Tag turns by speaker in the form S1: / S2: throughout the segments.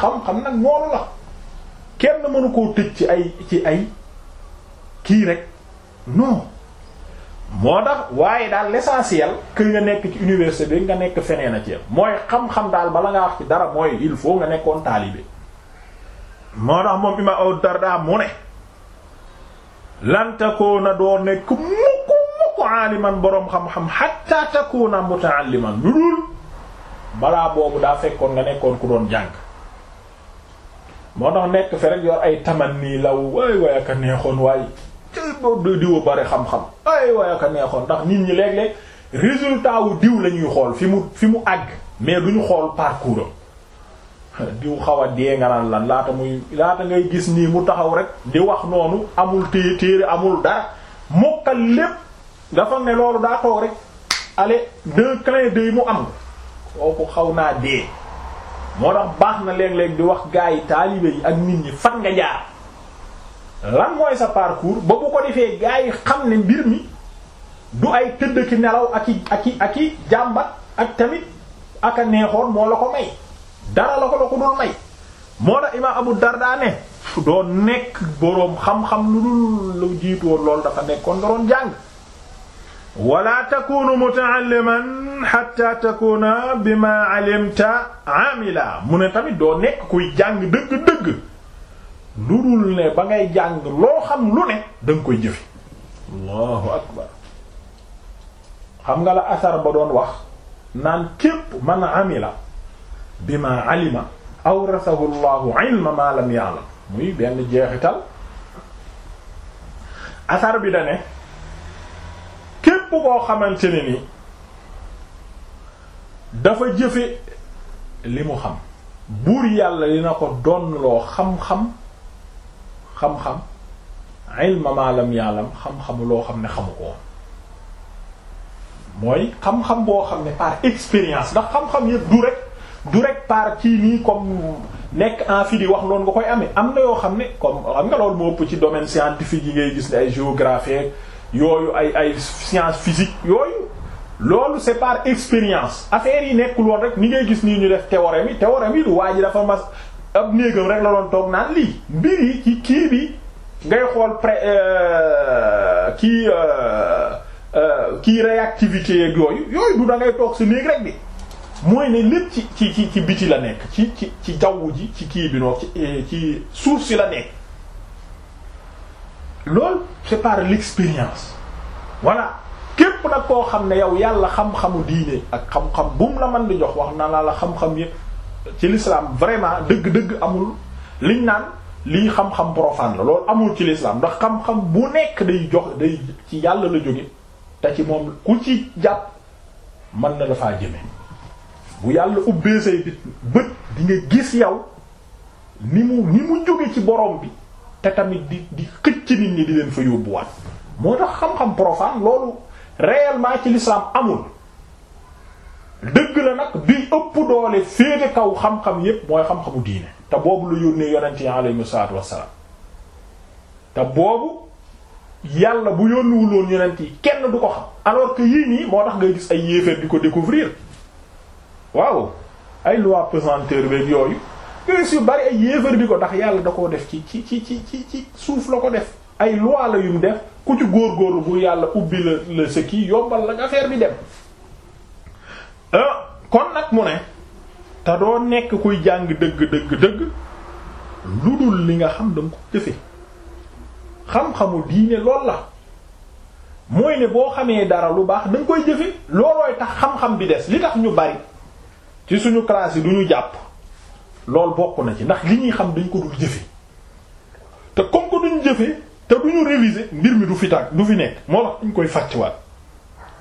S1: xam-xam nag noonu la kenn mënu koo tëj ci ay ci ay kii rek non moo tax waaye daal l'essentiel que nga nekk ci université bi nga nekk feneen a ceeb mooy xam-xam daal bala nga wax ci dara mooy il faut nga nekkoon taalibe moo tax moom ima aw darda mu ne lan takoona doo nekk mukku mukku aaliman boroom xam-xam hatta takoona muta'alliman lu dul balaa boobu daa fekkoon nga nekkoon ku doon jàng moo tax nekk fe rek yor ay taman nii law waay waay aka neexoon waay boo diwa bari xam-xam ay waay aka neexoon ndax nit ñi léeg-léeg résultat diw lañuy xool fi mu fi mu àgg mais duñu xool parcours diw xaw a dee nga naan lan laata muy laata ngay gis nii mu taxaw rek di wax noonu amul téye téere amul dara mokkal lépp dafa ne loolu daa toog rek ale deux clin d'œil mu am kooku xaw naa dee moo tax baax na léeg-léeg di wax gaa yi taalibe yi ak nit ñi fan nga jaar lan mooy sa parcours ba bu ko defee gaa yi xam ne mbir mi du ay tëdd ki nelaw ak i ak i ak jàmbat ak tamit ak a neexoon moo la ko may dara la ko la ko doon may moo tax imaam Abu Darda ne doo nekk boroom xam-xam lu dul lu jiitu woon loolu dafa nekkoon nga doon jàng wala takunu mutaalliman xatta takuna bima alimta amila mu ne tamit doo nekk kuy jàng dëgg-dëgg lu dul ne ba ngay jàng loo xam lu ne da koy jëfe allahu akbar xam nga la asar ba doon wax naan képp man amila bima alima awrasahu llahu ilma ma lam ya'lam muy benn jeexital asar bi da képp koo xamante ne ni jëfe li mu xam buur yàlla dina ko loo xam-xam xam-xam ilma ma lam ya'lam xam-xamu loo xam ne xamu ko mooy xam-xam boo xam ne par expérience ndax xam-xam yëpp du rek du rek par kii nii comme nekk en fi di wax noonu nga koy amee am na yoo xam ne comme am nga loolu moo ëpp ci domaine scientifique yi ngay gis ne ay géographie yooyu ay ay science physique yooyu loolu c'est par expérience affaire yi nekkul woon rek ni ngay gis nii ñu def théorème yi théorème yi du waa ji dafa mas ab néegam rek la doon toog naan lii mbir ci kii bi ngay xool pré euh, kii euh, euh, kii réactivité yeeg yooyu yooyu du da toog si néeg rek bi mooy ne lépp ci ci ci biti la nekk ci ci ci jaww ji ci kii bi noonu ci ci suuf si la nekk loolu c'est par l'expérience voilà képp nag koo xam ne yow yàlla xam-xamu diine ak xam-xam bu mu la mën di jox wax na la la xam-xam yépp ci l'islam vraiment dëgg-dëgg amul liñ naan lii xam-xam profane la loolu amul ci l'islam ndax xam-xam bu nekk day jox day ci yàlla la jóge te ci moom ku ci jàpp mën na dafaa jëme bu yàlla ubbee say bit bët di gis yow ni mu ni mu jóge ci borom bi te tamit di di xëcc nit ñi di leen fa yóbbuwaat moo tax xam-xam profane loolu réellement ci l'islam amul dëgg la nag bi ëpp doole féete kaw xam-xam yépp mooy xam-xamu diine te boobu lu yónnee yonent yi aleyhim salaatu te boobu yàlla bu yónniwuloon yonent yi kenn du ko xam alors yii nii moo tax ngay gis ay yéeféer di ko découvrir waaw ay loi pesanteur beeg yooyu kees yu bari ay yéefar di ko ndax yàlla da koo def ci ci ci ci ci ci suuf la ko def ay loi la yum def ku ci góorgóorlu bu yàlla ubbi la la sa kii yombal la nga affaire bi dem euh, kon nag mu ne te doo nekk kuy jàng dëgg dëgg dëgg lu dul li nga xam danga ko jëfe xam-xamu diine lool la mooy ne boo xamee dara lu baax danga koy jëfe loolooy tax xam-xam bi des li tax ñu bari ci suñu classe yi duñu jàpp loolu bokk na ci ndax li ñuy xam dañ ko dul jëfe te comme ko duñ jëfe te duñu réviser mbir mi du fi tàgg du fi nekk moo tax dañ koy fàccewaat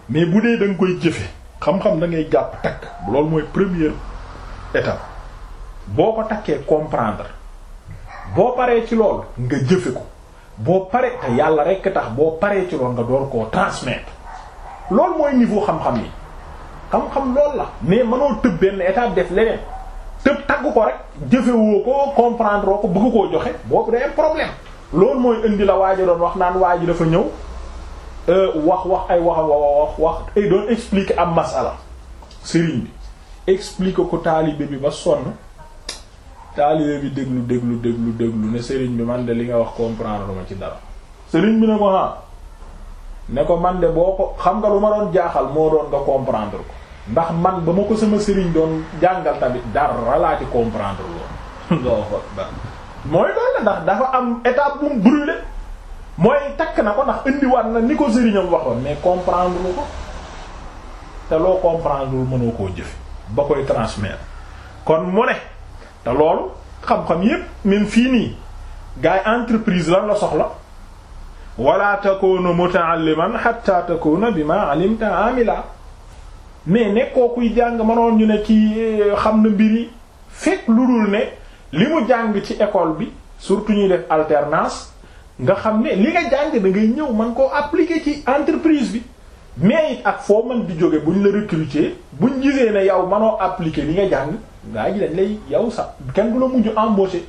S1: mais bu dee da koy jëfe xam-xam da ngay jàpp takk loolu mooy première étape boo ko takkee comprendre boo paree ci lool nga jëfe ko boo pare te yàlla rekk tax boo paree ci lool nga door koo transmettre loolu mooy niveau xam-xam yi xam-xam loolu la mais mënoo tëb benn étape def leneen. tëb tagg ko rek jëfewoo ko comprendre ko bëgg koo joxe boobu day am problème loolu mooy indi la waaja doon wax naan waa ji dafa ñëw euh, wax wax ay wax wax wax ay doon expliquer am masala sëriñ bi expliquer ko taalibe bi ba sonn taalibe bi déglu déglu déglu déglu ne sëriñ bi man de li nga wax comprendre ma ci dara sëriñ bi ne ko ah ne ko man de boo ko xam nga lu ma doon jaaxal moo doon nga comprendre ko ndax man ba ma ko sama sëriñ doon jàngal tamit dara laa ci comprendre loolu mooy doon ndax dafa am étape bu mu brûlé mooy takk na ko ndax indiwaat na ni ko sëriñam waxoon mais comprendre lu ko te loo comprendre lu mënoo koo jëfe ba koy transmettre kon mu ne te loolu xam-xam yépp même fii nii gars yi entreprise lan la soxla wala takunu muta'alliman hatta takuna bima alimta amila mais nekkookuy jàng mënoon ñu ne kii eh, xam na mbir yi fekk lu dul ne li mu jàng ci école bi surtout ñuy def alternance nga xam ne li nga jàng da ngay ñëw man koo appliquer ci entreprise bi mais it ak foo mën di jóge ñu la bu buñ gisee ne yow manoo appliquer li nga jàng ngaa ji dañ lay yow sax kenn du la mujj embaucher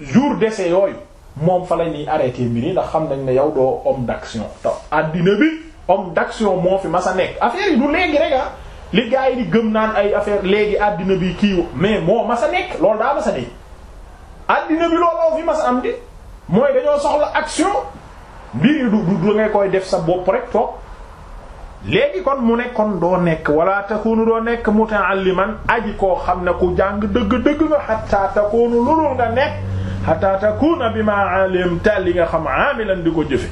S1: jour d'essai yooyu moom fa la ñuy arrêté mbiri ndax xam nañ ne yow doo homme d'action te àddina bi homme d'action moo fi mas a nekk affaire yi léegi ah. li gars yi di gëm naan ay affaire léegi àddina bi kii mais moo a nekk loolu def sa bopp rek toog kon mu ne doo nekk wala takunu doo nekk muta'alliman aji xam ne ku jàng dëgg-dëgg nga nga xam amilan di ko jëfe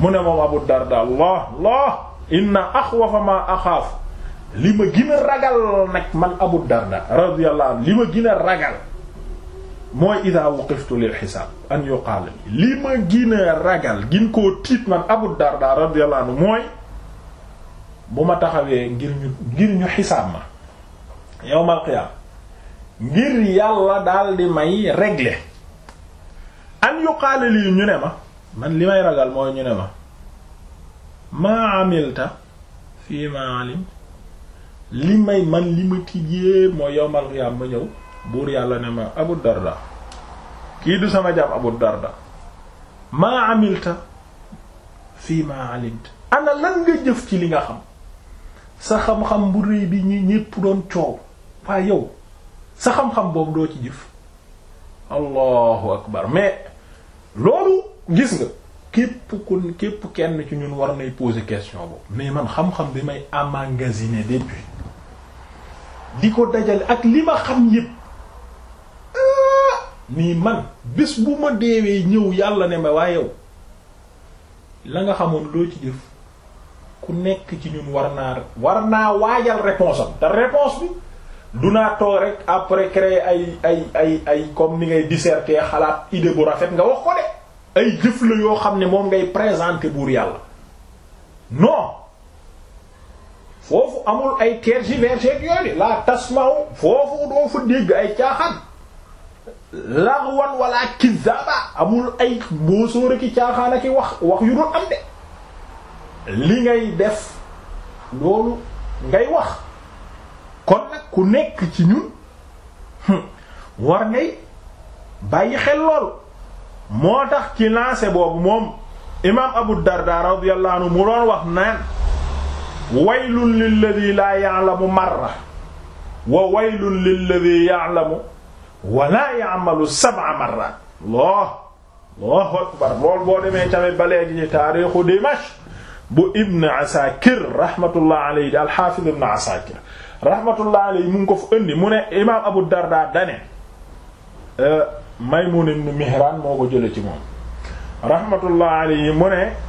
S1: mu ne moom Abu Darda Allah Allah inna axwafa ma axaaf li ma gën a ragal nag man Abu Darda radiyallahu anhu li ma gën a ragal mooy ida wuqiftu lil xisaab an yuqaal li ma gën a ragal gin koo tiit man Abu Darda radiyallahu anhu mooy bu ma taxawee ngir ñu ngir ñu xisaab ma yawmal qiyaama ngir yàlla daal di may régler an yuqaal lii ñu ne ma man li may ragal mooy ñu ne ma maa amilta fii maa li may man li ma tijjee mooy yowmal xiyaam ma ñëw buur yàlla ne ma Abu Darda kii du sama jaam Abu Darda maa amilta fii maa alimta ana lan nga jëf ci li nga xam sa xam-xam bu rëy bi ñi ñépp doon coow waaye yow sa xam-xam boobu doo ci jëf allahu akbar mais loolu gis nga képp ku képp kenn ci ñun war nay poser question boobu mais man xam-xam bi may emmagasiner depuis di ko dajale ak li ma xam yépp nii ah, man bés bu ma deewee ñëw yàlla ne ma waaye yow la nga xamoon loo ci jëf ku nekk ci ñun war naa war naa waajal réponse am te réponse bi du naa toog rek après créer ay ay ay ay comme ni ngay disserter xalaat idée bu rafet nga wax ko de ay jëf la yoo xam ne moom ngay présenter buur yàlla non foofu amul ay tergiversé yooyu la tasmau foofu doo fa dégg ay caaxaan laxwan wala kizaba amul ay boo sóora ki caaxaan aki wax wax yu doon am de li ngay def loolu ngay wax kon nag ku nekk ci ñun war ngay bàyyi xel loolu moo tax ci lancé boobu moom imam Abu Darda radiyallahu anhu mu doon wax naan waylun lilladi laa ya'lamu marra wa waylun lilladi ya'lamu wa laa ya'malu sab'a marrat Allah Allahu akbar lool boo demee tamit ba léegi ci taarixu Dimashq bu Ibn Asakir rahmatullah alayhi al-Hafiz Ibn Asakir rahmatullah alayhi mu ngi ko fa indi mu ne imaam Abu Darda dane euh, Maymun ibn Mihran moo ko jële ci moom rahmatullah alayhi mu ne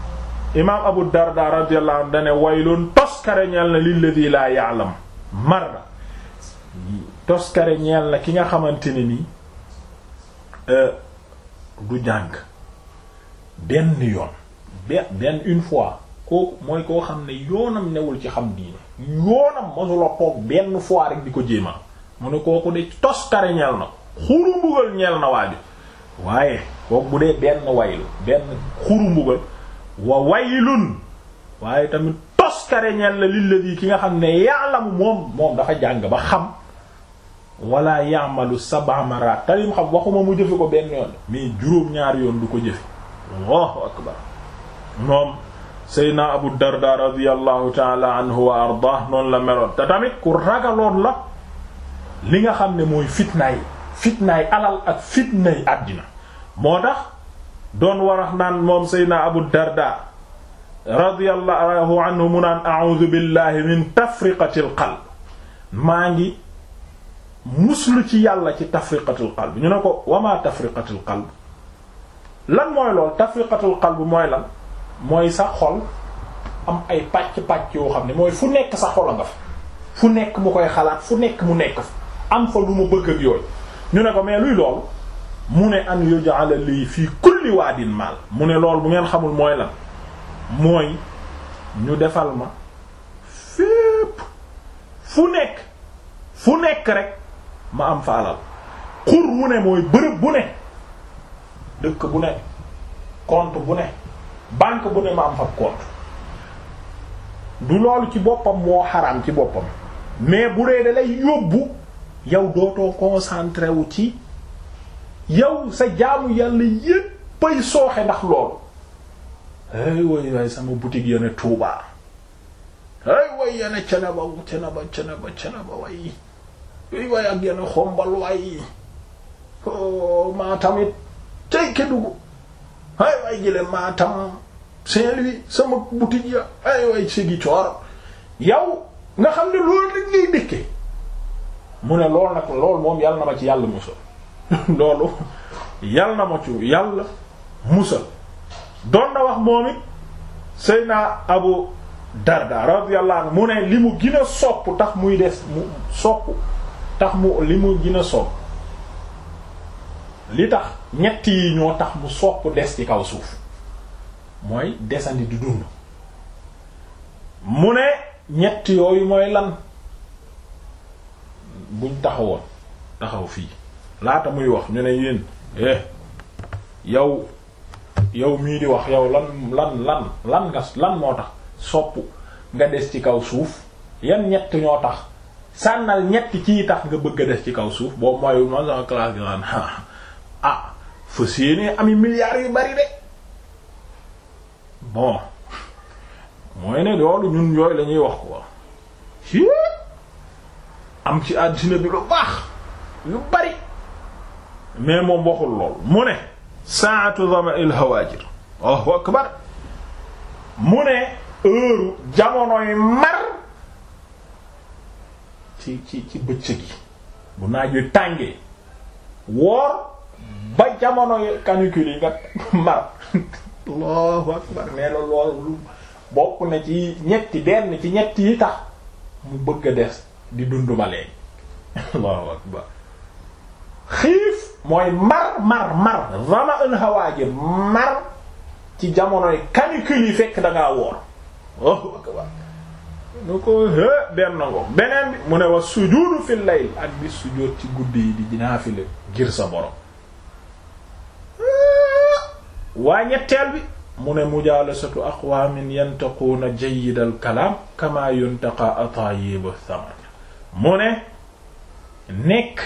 S1: imaam abu darda radiyallahu anhu dane waylun toskare ñeel na lilladi laa ya'lam marra toskare ñeel na ki nga xamante ne ni euh, du jàng benn yoon benn une fois kooku mooy koo xam ne yoonam newul ci xam diine yoonam masula toog benn fois rek di ko jéema mu ne kooku de toskare ñeel na xuru mbugal ñeel na waaju waaye kooku bu dee benn waylu benn xuru mbugal wa waaye tamit toskare ñel la lilladi ki nga xam ne ya'lamu moom moom dafa jàng ba xam wala ya'malu sab'a marat talim xam waxuma mu jëfe ko benn yoon mais juróom-ñaar yoon du ko jëfe allahu akbar moom seydna abu darda radiyallahu taala anhu wa ardah noonu la meloon te tamit ku ragaloon la li nga xam ne mooy fitnaay fitnaay alal ak fitnaay àddina moo tax doon warax naan moom seydna abu darda radiyallahu anhu mu naan a'udhu billahi min tafriqatil qalb maa ngi muslu ci yàlla ci tafriqatul qalb ñu ne ko wamaa tafriqatul qalb lan mooy lool tafriqatul qalb mooy lan mooy sa xol am ay pàcc-pàcc yoo xam ne mooy fu nekk sa xol a nga fa fu nekk mu koy xalaat fu nekk mu nekk fa am fa lu mu bëgg ak yooyu ñu ne ko mais luy loolu mu ne an yuj'ala li fii kulli waadin maal mu ne lool bu ngeen xamul mooy lan mooy ñu defal ma fépp fu nekk fu nekk rek ma am fa alal xur wu ne mooy bërëb bu ne dëkk bu ne compte bu ne banque bu ne ma am fa compte du loolu ci boppam moo xaraam ci boppam mais bu dee da lay yóbbu yow dootoo concentré wu ci yow sa jaamu yàlla yéppay sooxe ndax loolu ay way waay sama boutique yone Touba ay way yone Cenaba Cenaba Cenaba Cenaba way ay way ak yone xombal way oh, maa tamit tey Kédougou ay way jële maa tam Saint-Louis sama boutique ya ay way sigi coor yow nga xam ne loolu lañ ngay mu ne loolu nag loolu moom yàlla na ma ci yàlla mus loolu yal na ma yàlla musal doon na wax moom it Seydina Abu Darda radiyallahu anhu mu ne li mu gën sopp tax muy des mu sopp tax mu li mu gën a li tax ñett yi ñoo tax mu sopp des ci kaw suuf mooy desandi di dund mu ne ñett yooyu mooy lan buñ taxawoon taxaw fii laata muy wax ñu ne yéen eh yow yow mii di wax yaw lan lan lan lan nga moo tax sopp nga des ci kaw suuf yan ñett ñoo tax sànnal ñett ciy tax nga bëgg a des ci kaw suuf boobu mooy man sama classe bi naan ah fa séenee ami milliards yu bari de bon mooy ne loolu ñun yooyu la ñuy wax quoi am ci àddina bi lu baax lu bari mais moom waxul lool mu ne saatu zama'il hawajir Allahu akbar mu ne heure jamonoy mar ci ci bëccëg yi bu naaj wi tàngee woor ba jamonoy canicule yi nga mar Allahu akbar mais la loolu bokk na ci ñetti benn ci ñetti yi tax mu bëgg a des di dund ma léegi Allahu akbar xiif mooy mar mar mar vama un hawaaji mar ci jamonoy canicule yi fekk da woor nu ko hë benn bi mu ne wa sujudu fil layl ak bi sujud ci guddi yi di naafile ngir sa borom waa ñetteel bi mu ne mujalasatu aqwamin yantaquuna jayyidal kalaam kama yuntaqa atayibu thamar mu ne nekk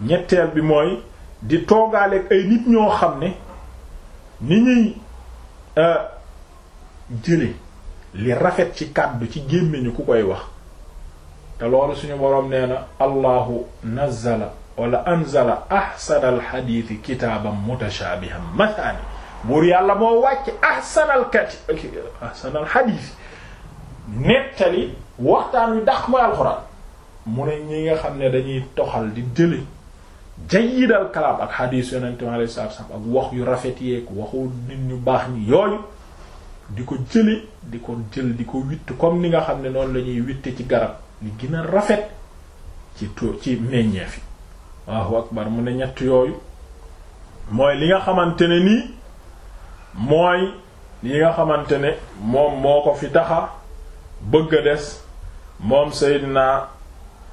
S1: ñetteel bi mooy di toogaaleeg ay nit ñoo xam ne ni ñuy euh, jële li rafet ci kàddu ci gémmiñu ku koy wax te loolu suñu boroom nee na allahu nazzala wala anzala ahsanal xadiisi kitaaban mutashaabihan masaani buur yàlla moo wàcc ahsanal kati ahsanal xadiisi nettali waxtaan wi dax mooy alxuraan mu ne ñi nga xam ne dañuy toxal di jële jayyidal kalaam ak xadiis yonente mi alayhi ak wax yu rafet yeeg waxu nit ñu baax ñi yooyu di ko jële di ko jël di ko witt comme ni nga xam ne noonu la ñuy witte ci garab li gën a rafet ci tu ci meññeef yi waaw akbar mu ne ñett yooyu mooy li nga xamante ne nii mooy li nga xamante ne moom moo ko fi daxa bëgg a des moom Seydina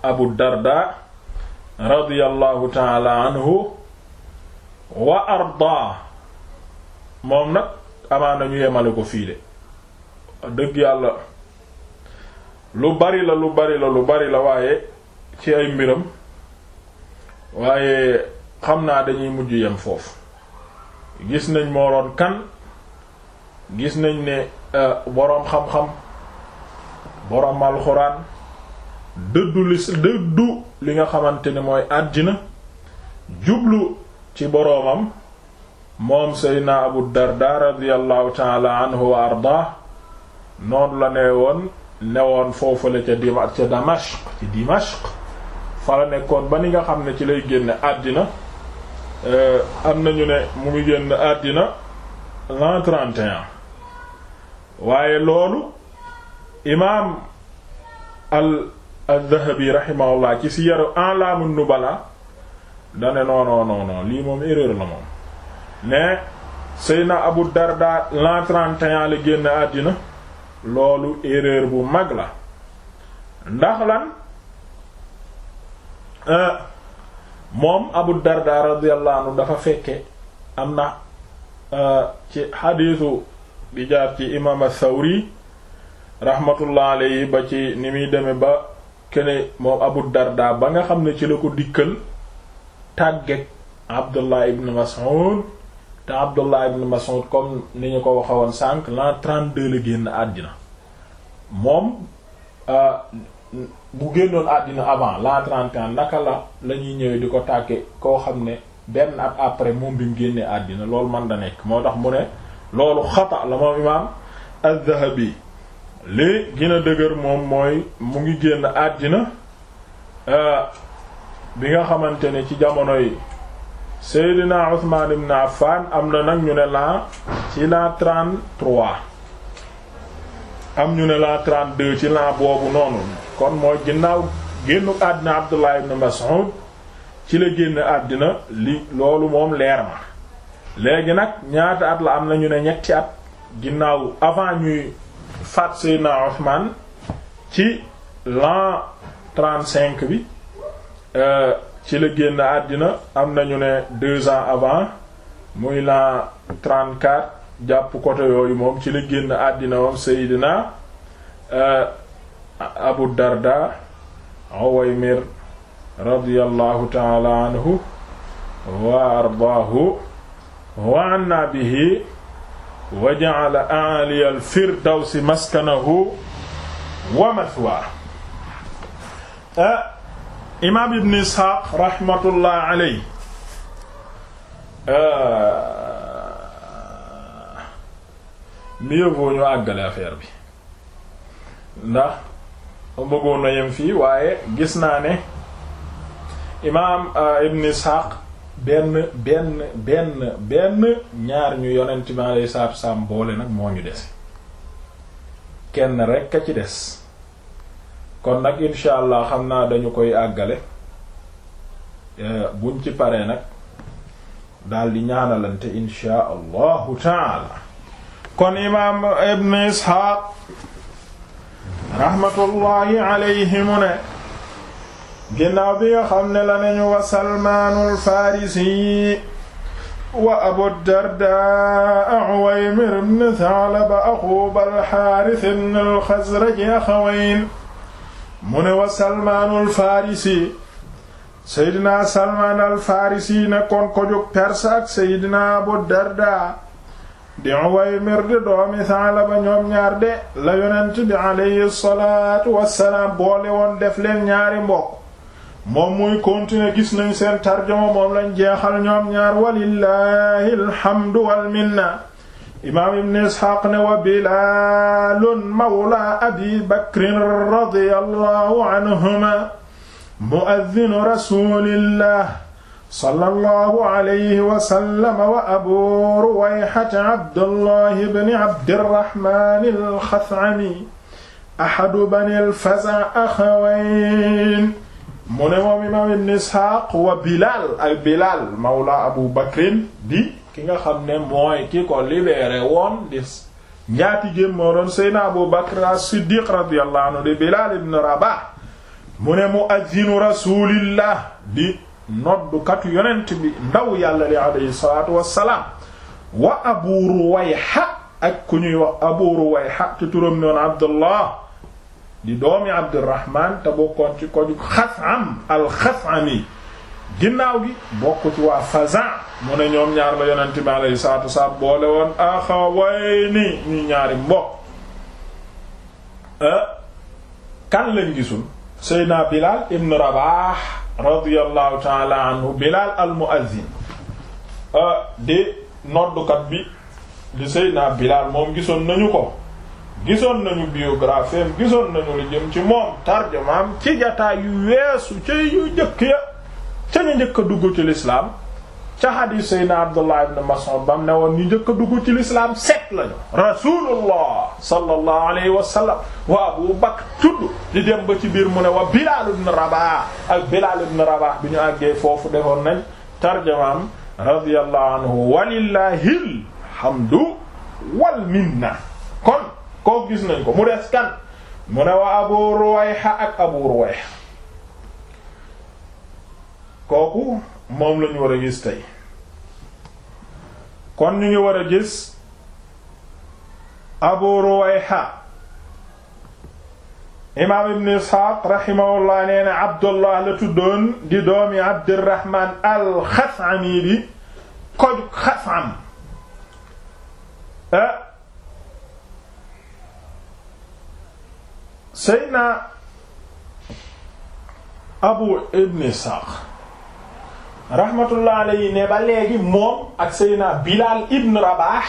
S1: Abu Darda radiyallahu taala anhu wa arda moom nag amaana ñu yemale ko fii de dëgg yàlla lu bari lu bari la lu bari la waaye ci ay mbiram waaye xam naa dañuy mujj yem foofu gis nañ moo doon kan gis nañ ne euh, boroom xam-xam boroom alxuraan dëddu li nga xamante ne mooy àddina jublu ci boroomam moom seydna abu darda radiallahu taala anhu wa arda noonu la nee woon newoon foofale ca dima ca damashq ci dimashq fa la nekkoon ba ni nga xam ne ci lay génn àddina euh, am ñu ne mu ngi génn àddina l'an waaye loolu imaam al ad-Dhahabi rahimahullah ci Siyar A'lam an-Nubala da ne non non lii moom erreur la moom ne Seyna Abu Darda l'an 31 la génn àddina loolu erreur bu mag la ndax lan euh, moom Abu Darda radiyallahu anhu dafa fekke am na euh, ci xadiisu di jaar ci imaam sawri rahmatullah alayhi ba ci ni muy demee ba. kene moom Abu Darda ba nga xam ne ci la ko dikkal tàggeeg Abdullah ibn Mas'ud te Abdullah ibn Mas'ud comme ni ñu ko waxe woon sànq l'an 32 la génn àddina moom euh, bu génnoon àddina avant l'an 31 naka la la ñuy ñëwee di ko tàgge koo xam ne benn at après moom bi mu génnee àddina loolu man da nekk moo tax mu ne loolu xata la moom imaam Az-Zahabi li gën a dëgër moom mooy mu ngi génn àddina euh, bi nga xamante ne ci jamono yi Seydina Usmaan ibn Affan am na nag ñu ne la ci la 33 am ñu ne la 32 ci la boobu noonu kon mooy ginnaaw génnu àddina Abdullah ibn Mas'ud ci la génn àddina li loolu moom leer ma léegi nag ñaata at la am na ñu ne ñetti at ginnaaw avant ñuy faat Seydina Othman ci l'an trente-cinq bi euh, ci la génn àddina am nañu ne deux ans avant muy l'an trente-quatre jàpp côté yooyu moom ci la génn àddina moom Seydina euh, Abu Darda Uwaymir radiyallahu ta'ala anhu wa ardaahu wa anna bihi wa ja'ala a'aliya al-firdawsi maskanahu wa mathwaahu imaam ibn Isxaaq raxmatullahi alayhi mieux vaut ñu àggale affaire bi ndax bëggoon na yem fii waaye gis naa ne imaam ibn Isxaaq benn benn benn benn ñaar ñu yonent bi alayhi salaatu salaam boole nag moo ñu dese kenn rekk a ci des kon nag incha allah xam naa dañu koy àggale eh, buñ ci pare nag daldi ñaanalante incha allahu taala kon imaam ibn isxaaq rahmatullahi alayhi mu ne ginnaaw bi nga xam ne la nañu wa salmaanul farisi wa abu dardaa uwaymir ibn thaalaba axu bal xaaris ibn al xasraj axawayn mu ne wa salmaanul farisi seydinaa salmaan al farisi nekkoon ko jóg perse ak abu dardaa di uwaymir di doomi thaalaba ñoom ñaar de la yonent bi alayhi salaatu boole woon def leen ñaari mbokk moom muy continuer gis nañ seen tarjuma moom lañ jeexal ñoom ñaar walillahi alhamdu wal minna imaam ibn isxaaq ne wa bilaalun mawla abi bakrin radiyallahu anhuma muaddinu rasulillah sallallahu alayhi wa sallam wa abu ruwayhata abdullahi bni abdirrahman alxasami ahadu bani alfaza axawayn mu ne moom imaam ibn Isxaaq wa Bilaal ak Bilaal mawla Abu Bakrin di ki nga xam ne mooy ki ko libéré woon di njaati gémm moo doon Seydina Abu Bakr as-Siddiq radiyallahu anhu di Bilaal ibn Rabah mu ne muazzinu rasulillah di noddukatu yonent bi ndaw yàlla li alayhi salaatu wassalaam wa Abu Ruwayha ak ku ñuy wax Abu Ruwayha ci turam noon Abdullah di doomi Abdurrahman te bokkoon ci koju Xasam al-Xasami ginnaaw gi bokk ci waa Fazan mu ne ñoom ñaar la yonent bi alayhi salaatu wasalaam boole woon axawayni ñu ñaari mbokk eh, kan lañ gisul Seydina Bilal ibn Rabah radiyallahu taala anhu Bilal al-muazzin eh, di noddukat bi di Seydina Bilal moom gisoon nañu ko gisoon nañu biographie am gisoon nañu lu ci moom tarjumaam ci jataay yu weesu ca yu njëkk ya ca ñu njëkk a dugg ci lislaam ca xadiis Seydina Abdullah ibn Mas'ud ne woon ñu njëkk a dugg ci lislaam set lañu rasulullah sallallahu alayhi wa wa Abu Bakr tudd di dem ba ci biir mu ne wa Bilaal ibn Rabah ak Bilaal ibn Rabah bi ñu àggee foofu defoon nañ tarjumaam radiyallahu anhu walillahil hamdu wal minna kooku gis nañ ko mu des kan mu ne wa Abu Ruwayha ak Abu Ruwayha kooku moom lañu war a gis tey kon ñu ngi war a gis Abu Ruwayha imaam ibn isxaaq rahimahullah nee na abdullah la tuddoon di doomi abdirahman al xasami bi kojug xasam ah Seydina Abu Ibn Isxaaq rahmatullah alayhi ne ba léegi moom ak Seydina Bilaal Ibn Rabaax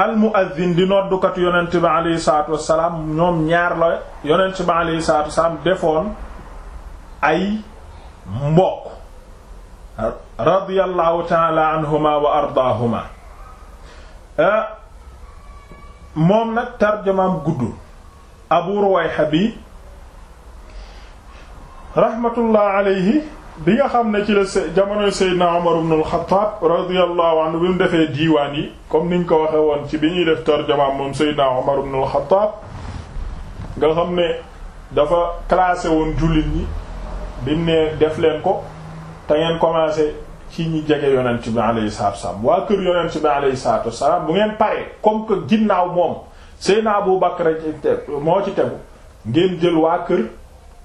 S1: al muazzin di noddukatu yonent bi alayhi salaatu wassalaam ñoom ñaar la yonent bi alayhi salaatu wassalaam defoon ay mbokk radiyallahu taala anhuma wa ardaahuma eh, moom nag tarjamaam guddul abu ruwayxa bi rahmatullah alayhi bi nga xam ne ci la jamonoy seydna umar ibn al-Khattab radiyallahu anhu bi mu defee diiwaan yi comme niñ ko waxee woon ci bi ñuy def tarjamaam moom seydna umar ibn al-Khattab nga xam ne dafa classé woon jullit yi bi mu ne def leen ko te ngeen commencé ci ñi jege yonent bi alayhi salaatu wasalaam waa kër yonent bi alayhi salaatu wasalaam bu ngeen pare comme que ginnaaw moom naa Seydina Abu Bakr moo ci tegu ngeen jël waa kër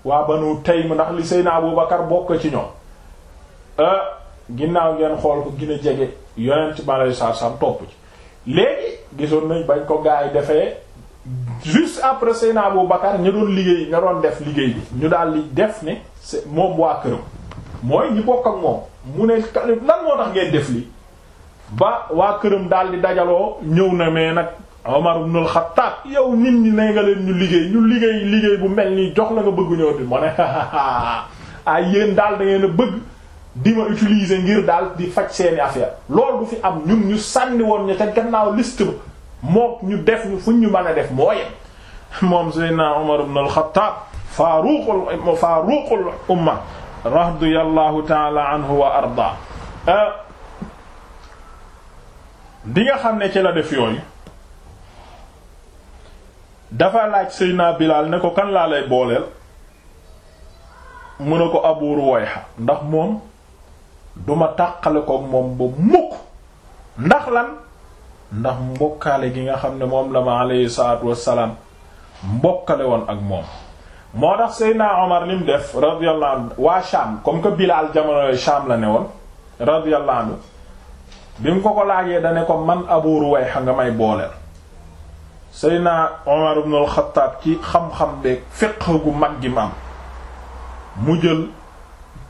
S1: waa Banu mu ndax li naa Abu Bakr bokk ci ñoom euh, ginnaaw ngeen xool ko gën a jege yonent ma lay sar topp ci léegi gisoon nañ bañ ko gaay defee juste après Seydina bu Bakr ñu doon liggéey nga doon def liggéey bi ñu daal di def ne moom waa këram mooy ñi bokk ak moom mu ne lan moo tax ngeen def li ba waa këram daal di dajaloo ñëw na mais nag Omar ibn al yow nit ñi ne nga leen ñu liggéey ñu liggéey liggéey bu mel nii jox la nga bëgg ñëw di ma ne ay yéen daal da ngeen bëgg di ma utiliser ngir daal di faj seeni affaire loolu du fi am ñun ñu sànni woon ñu gannaaw liste ba mook ñu def ñu fuñ ñu mën a def moo moom Seydina Omar ibn al-Khattab faaruqul faaruqul umma radiyallahu wa arda euh, bi nga xam ne ci la def yooyu dafa laaj Seydina Bilaal ne ko kan laa lay booleel mu ne ko Abu Ruwayha ndax moom duma tàqale ko moom ba mukk ndax lan ndax mbokkaale gi nga xam ne moom la ma alayhi salaatu wassalaam mbokkale woon ak moom moo tax Seydina Omar mu def radiyallahu anhu waa Sham comme que Bilaal jamono Sham la ne woon radiyallahu bi mu ko ko laajee da ko man Abu Ruwayha nga may booleel Seydina Omar ibn ci xam-xam beeg fiqh gu mag gi maam mu jël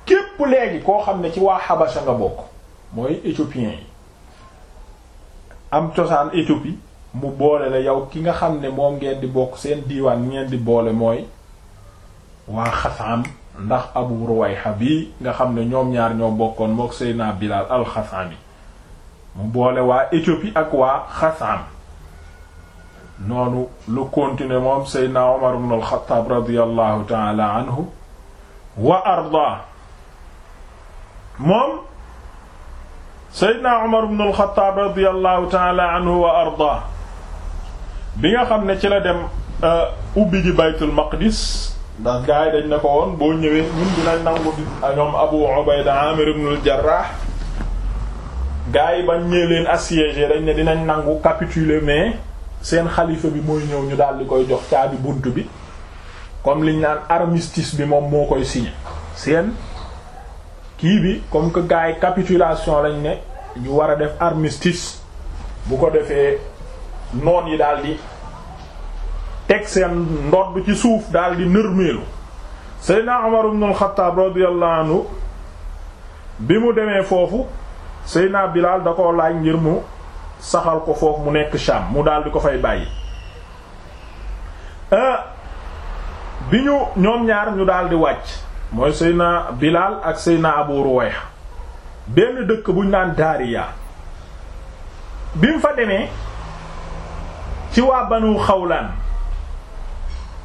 S1: képp léegi koo xam ne ci waa Habasha nga bokk mooy éthiopiens yi am cosaan Éthiopie mu boole la yow ki nga xam ne moom ngeen di bokk seen diiwaan ngeen di boole mooy waa Xasaan ndax Abu Ruwayha bi nga xam ne ñoom ñaar ñoo bokkoon mook seyna bilaal al-Xasaan yi mu boole waa Éthiopie ak waa Xasaan noonu lu continuer moom seydna Umar ibn al-Khattab radiyallahu wa arda moom seydna Umar ibn al-Khattab radiyallahu wa arda bi nga xam ne ci la dem uh, ubbi ji baytul maqdis ndax gars dañ ne ko woon boo ñëwee ñun dinañ nangu di ñoom Abu Ubayda Amir ibn al-Jarrah yi bañ ñëwee leen assiégé dañ ne dinañ nangu capituler mais seen xalifa bi mooy ñëw ñu daal di koy jox caabi bunt bi comme liñ naan armistis bi moom moo koy signé seen kii bi comme que gars yi capitulation lañ ne ñu war a def armistis bu ko defee noon yi daal di teg seen bi ci suuf daal di nërmeelu Seydina Umar ibn al-Khattab radiyallahu anhu bi mu demee foofu Seydina Bilal da ko laaj ngir mu saxal ko foofu mu nekk Sham mu daldi ko fay bàyyi euh, bi ñu ñoom ñaar ñu daldi wàcc mooy sëy na bilaal ak Seyna Abu Ruwayha benn dëkk buñ naan ya bi mu fa demee ci waa Banu Xawlaan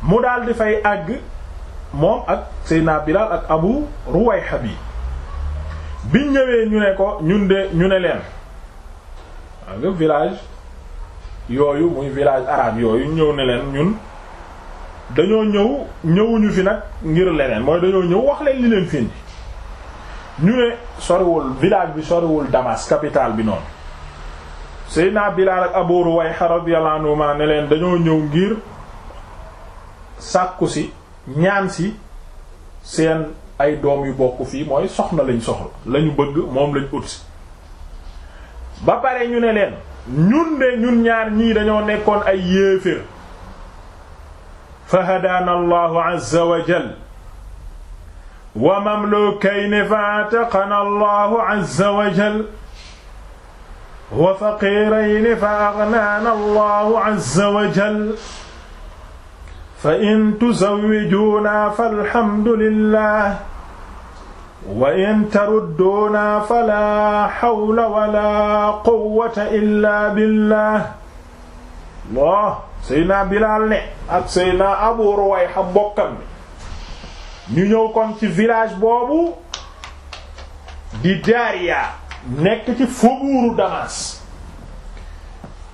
S1: mu daldi fay àgg moom ak Seyna Bilal ak Abu Ruwayha bi biñ ñëwee ñu ne ko ñun de ñu ne leen xam nga village yooyu muy village arabe yooyu ñëw ne leen ñun dañoo ñëw ñëwuñu fi nag ngir leneen mooy dañoo ñëw wax leen li leen fi ñu ne soriwul village bi soriwul Damas capitale bi noonu Seydina Bilaal ak Abu Ruwayha radiyallahu anhuma ne leen dañoo ñëw ngir sàkku si ñaan si seen ay doom yu bokk fii mooy soxna lañ soxla lañu bëgg moom lañ ut si ba pare ñu ne leen ñun de ñun ñaar ñii dañoo nekkoon ay yéefér fa hadaana allahu azza wa jal wa mamlukayni fa ataqana allahu azza wa jal wa faqirayni fa agnaana allahu azza wa jal fa in tuzawwijuuna fa alhamdulillah wa in tarudduunaa falaa hawla walaa quwwata illaa billah Allah Seydina Bilaal ne ak Seydina Abu Ruwayha bokkam bi ñu ñëw kon ci village boobu di Daariya nekk ci faubourg Damas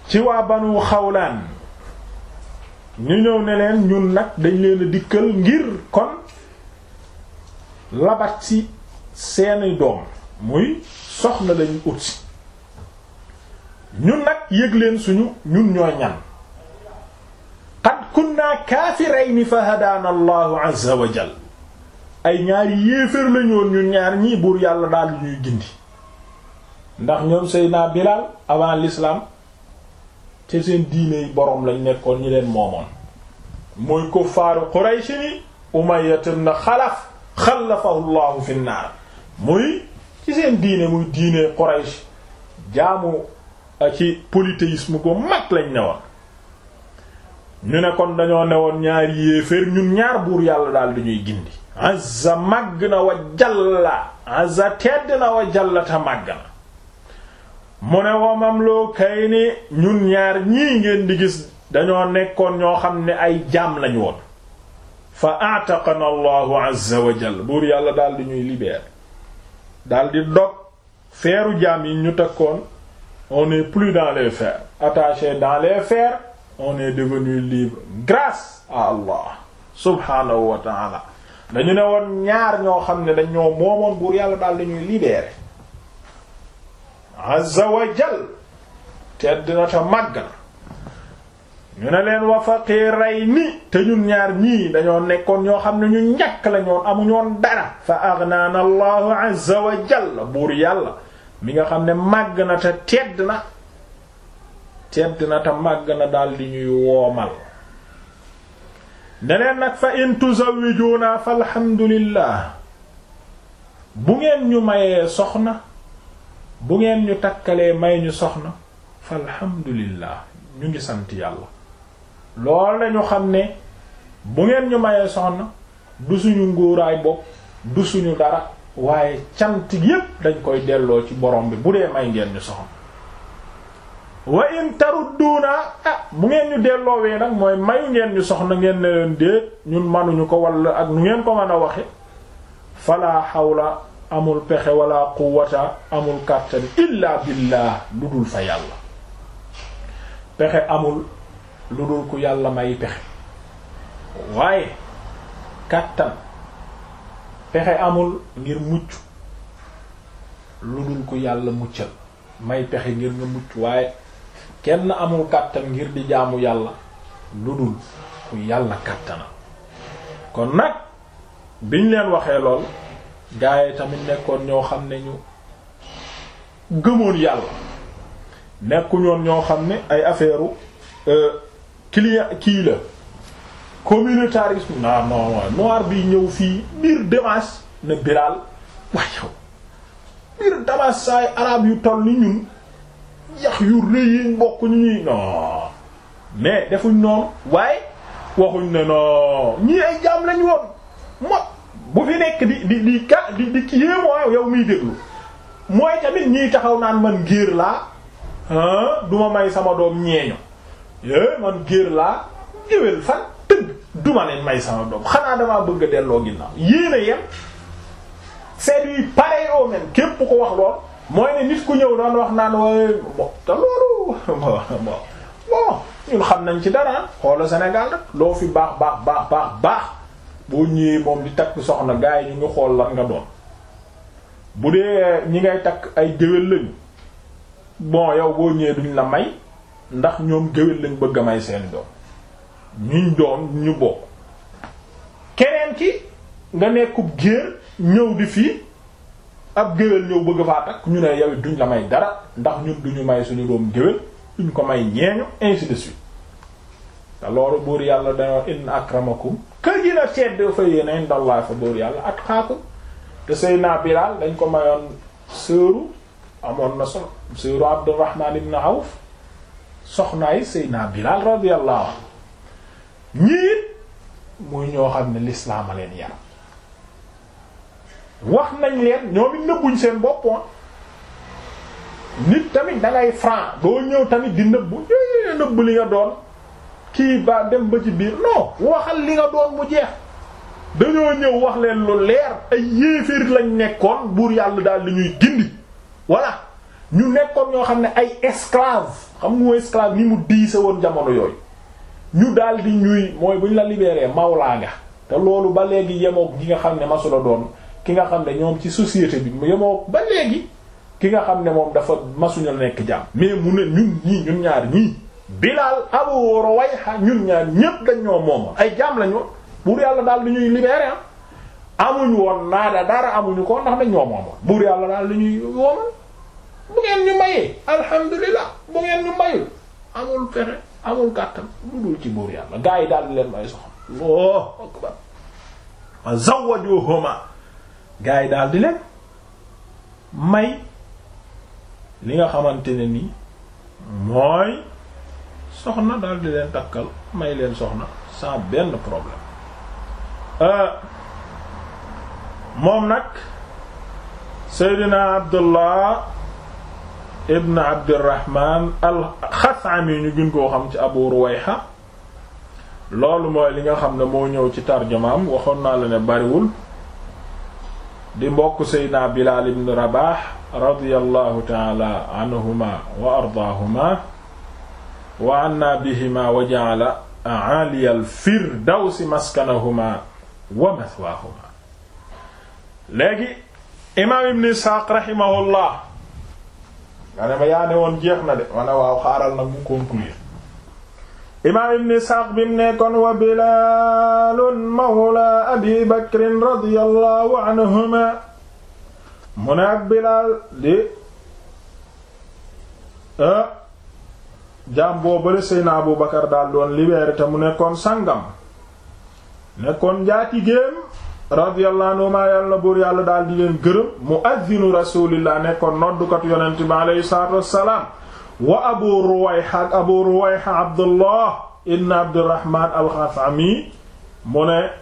S1: ci waa Banu Xawlaan ñu ñëw ne leen ñun nag dañ leen a dikkal ngir kon labat si seeni doom muy soxna lañu ut ñun nag yëg leen suñu ñun ñooy ñan qad kunna kaafirayni fa hadaana allahu azza wa jal ay ñaari yéeféer lañoon ñun ñaar ñii buur yàlla daal ñuy gindi ndax ñoom Seydina Bilal avant l'islam ci seen diine yi boroom lañ nekkoon ñi leen moomoon muy kuffaaru Quraysh ni Umayya ibn Xalaf xalafahu llahu fi nnaar muy ci seen diine muy diine Quraysh jaamu ci polythéisme ko mag lañ ne woon ñu ne kon dañoo ne woon ñaari yéeféer ñun ñaar buur yàlla daal dañuy gindi azza màgg na wa jalla azza tedd na mu ne wamam loo kay ni ñun ñaar ñii ngeen di gis dañoo nekkoon ñoo xam ne ay jaam lañu woon fa ataqana allahu azza wa jalla buur yàlla daal ñuy libeer daldi dog feeru jaam yi ñu takkoon on n'est plus dans les fers attaché dans les fers on est libre grâce à Allah subhanahu wa dañu ne woon ñaar ñoo xam ne dañoo moomoon buur yàlla daal dañuy libéré azza wa jal tedd na ta màgg na ñu ne leen wa faqiirayni te ñun ñaar ñii dañoo nekkoon ñoo xam ne ñu ñàkk la amuñoon dara fa agnaana allahu azza wa buur yàlla mi nga xam ne màgg na te tedd na te màgg na daldi ñuy woomal ne leen nag fa in tuzawwijuuna fa alhamdulillah bu ngeen ñu mayee soxna bu ngeen ñu takkalee may ñu soxna fa alhamdulillah ñu ngi sant yàlla lool nañu xam ne bu ngeen ñu mayee soxna du suñu ngóoraay bopp du suñu dara waaye cant yépp dañ koy delloo ci borom bi bu dee may ngeen ñu soxna wa in tarudduuna ah bu ngeen ñu delloowee nag mooy may ngeen ñu soxna ngeen ne leen déet ñun manuñu ko walla ak nu ngeen ko mën a waxe fala xawla amul pexe wala quwwata amul kàttan illa billah lu dul fa yàlla pexe amul lu dul ku yàlla may pexe waaye kàttan pexe amul ngir mucc lu dul ku yàlla muccal may pexe ngir nga mucc waaye kenn amul kàttan ngir di jaamu yàlla lu dul ku yàlla kàttana kon nag biñ leen waxee lool gaa yi tamit nekkoon ñoo xam ne ñu gëmoon yàlla nekkuñoon ñoo xam ne ay affaire euh, client kii la communautarisme non non noir bi ñëw fii biir Damas ne Bilal waaye yow biir Damas saay arab yu toll ni ñun yax yu rëy mbokk ñu ñuy non mais defuñ noonu waaye waxuñ ne non ñii ay jaam lañ woon mo bu fi nekk di di di ka di di kii mooy yow muy déglu mooy tamit ñiy taxaw naan man ngir laa duma ma may sama doom ñeeño é man géer laa géwél fan tëgg duma leen may sama doom xanaa damaa bëgg a delloo ginnaaw yéen a yem c'est du pareil au même képp ko wax lool mooy ne nit ku ñëw doon wax naan waaye te loolu bon bon xam nañ ci dara xoolal Sénégal rek loo fi baax baax baax baax baax boo ñëwee moom di takk soxna gars ñu ngi xool lan nga doon bu dee ñi ngay takk ay géwél lañu bon yow boo ñëwee duñ la may ndax ñoom géwél lañ bëgg a may seen doom ñuñ doon ñu bokk keneen ki nga nekkub géer ñëw di fii ab géwél ñëw bëgg faa takk ñu ne yow duñ la may dara ndax ñun duñu may suñu doom géwél duñ ko may ñeeñu ainsi de te loolu buur yàlla dañoo inna akramakum kër gi na seet yàlla atqaakum te Seydina Bilaal dañ ko mayoon sëru amoon na solo sëru Abdurrahman ibn Awf soxnaay Seydina Bilal radiyallahu anhu ñii muy ñoo xam ne lislaama leen yar wax nañ leen ñoom it nëbbuñ seen boppoon ah. nit tamit da ngay doo ñëw tamit di nëbbu yooyu eh, nëbbu li nga doon kii ba dem ba ci biir non waxal li nga doon mu jeex dañoo ñëw wax leen lu leer ay yéeféer lañ nekkoon buur yàlla daal li ñuy gindi voilà ñu nekkoon ñoo xam ne ay esclave xam nga esclave ni mu diise woon jamono yooyu ñu daal di ñuy mooy bu ñu la libéré mawlaa nga te loolu ba léegi yemoog gi nga xam ne masula doon ki nga xam ne ñoom ci société bi yemoog ba léegi ki nga xam ne moom dafa masuñu nekk jaam mais mu ne ñun ñii ñun ñaar ñii Bilaal Abu Ruwayha ñun ñaar ñépp dañ ñoo moomoon ay jaam lañu woon buur yàlla daal li ñuy libéré ah. amuñu woon naada dara amuñu ko ndax dañ ñoo bu ngeen ñu mayee alhamdulilah bu ngeen ñu mayul amul fexe amul kàttan lu dul ci buur yàlla gaa yi daal leen may li nga xamante ne nii mooy soxna daal leen takkal may leen soxna sans benn problème euh, moom nag Seydina Abdullah ibn abdirahman alxasami ñu gën koo xam ci abu ruwayha loolu mooy li nga xam ne moo ñëw ci tarjumaam waxoon naa la ne bariwul di mbokk seydna bilaal ibn rabax radiyallahu taala anhuma wa ardaahuma wa anna bihima wa ja'ala aliyal firdawsi maskanahuma wa mathwaahuma léegi imaam ibn isxaaq rahimahullah nga ne ma yaa ne woon jeex na de ma ne waaw xaaral nag mu conclure imaam ibn Isxaaq bi mu nekkoon wa Bilaalun mawla Abi Bakrin radiyallahu anhuma mu ne ak Bilaal di jaam boo bari Seydina Abu Bakar daal doon libéré te mu nekkoon sangam nekkoon njaatigéem radiyallahu anhuma yàlla na buur yàlla daal di leen gërëm muazzinu rasulillah nekkoon noddukat yonent bi aleyhi salaatu wassalaam wa abu ruwayha abu ruwayha abdullah ibn abdurrahman alxasami mu ne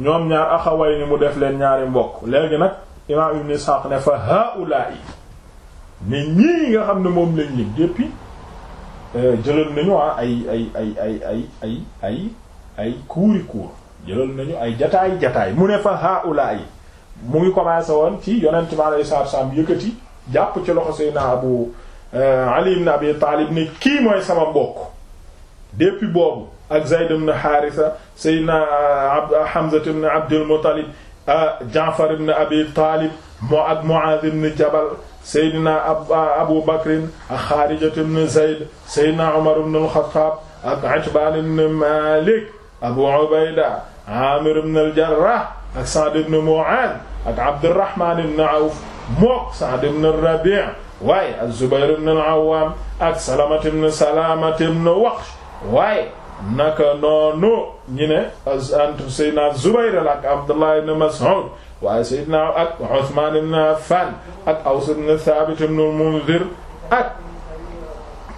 S1: ñoom ñaar axaway ni mu def leen ñaari mbokk léegi nag imaam ibn isxaaq ne fa haulaai ne ñii nga xam ne moom lañ lim depuis jëlal nañu ah ay ay ay ay ay ay kuuri kuur jëlal nañu ay jataay jataay mu ne fa haula yi mu ngi commencé woon ci yonent mi alayhi salaatu salaam yëkkati jàpp ci loxo Seydina Abu euh, Ali ibn Abi Taalib ne kii mooy sama mbokk depuis boobu ak Zayd ibn Haarisa Seydina euh, Hamza ibn Abdul Muttalib euh, Jaafar ibn Abi Taalib moo ak Muaaz ibn Jabal Seydina Abu Bakr ak Xaarija ibn Zayd Seydina Umar ibn al-Khattab ak Itbaan ibn Maalik Abu Ubayda Amir ibn al-Jarrah ak Sa'd ibn Mu'adh ak Abdurrahman ibn Awf mook Sa'd ibn Rabi' waaye az-Zubayr ibn al-Awwam ak Salamat ibn Salamat ibn Waqsh waaye naka noonu ñi ne entre Seydina Zubayr ak Abdullah ibn Mas'ud waaye Seydina ak Uthman ibn Affan ak Aws ibn Thabit ibn al-Mundhir ak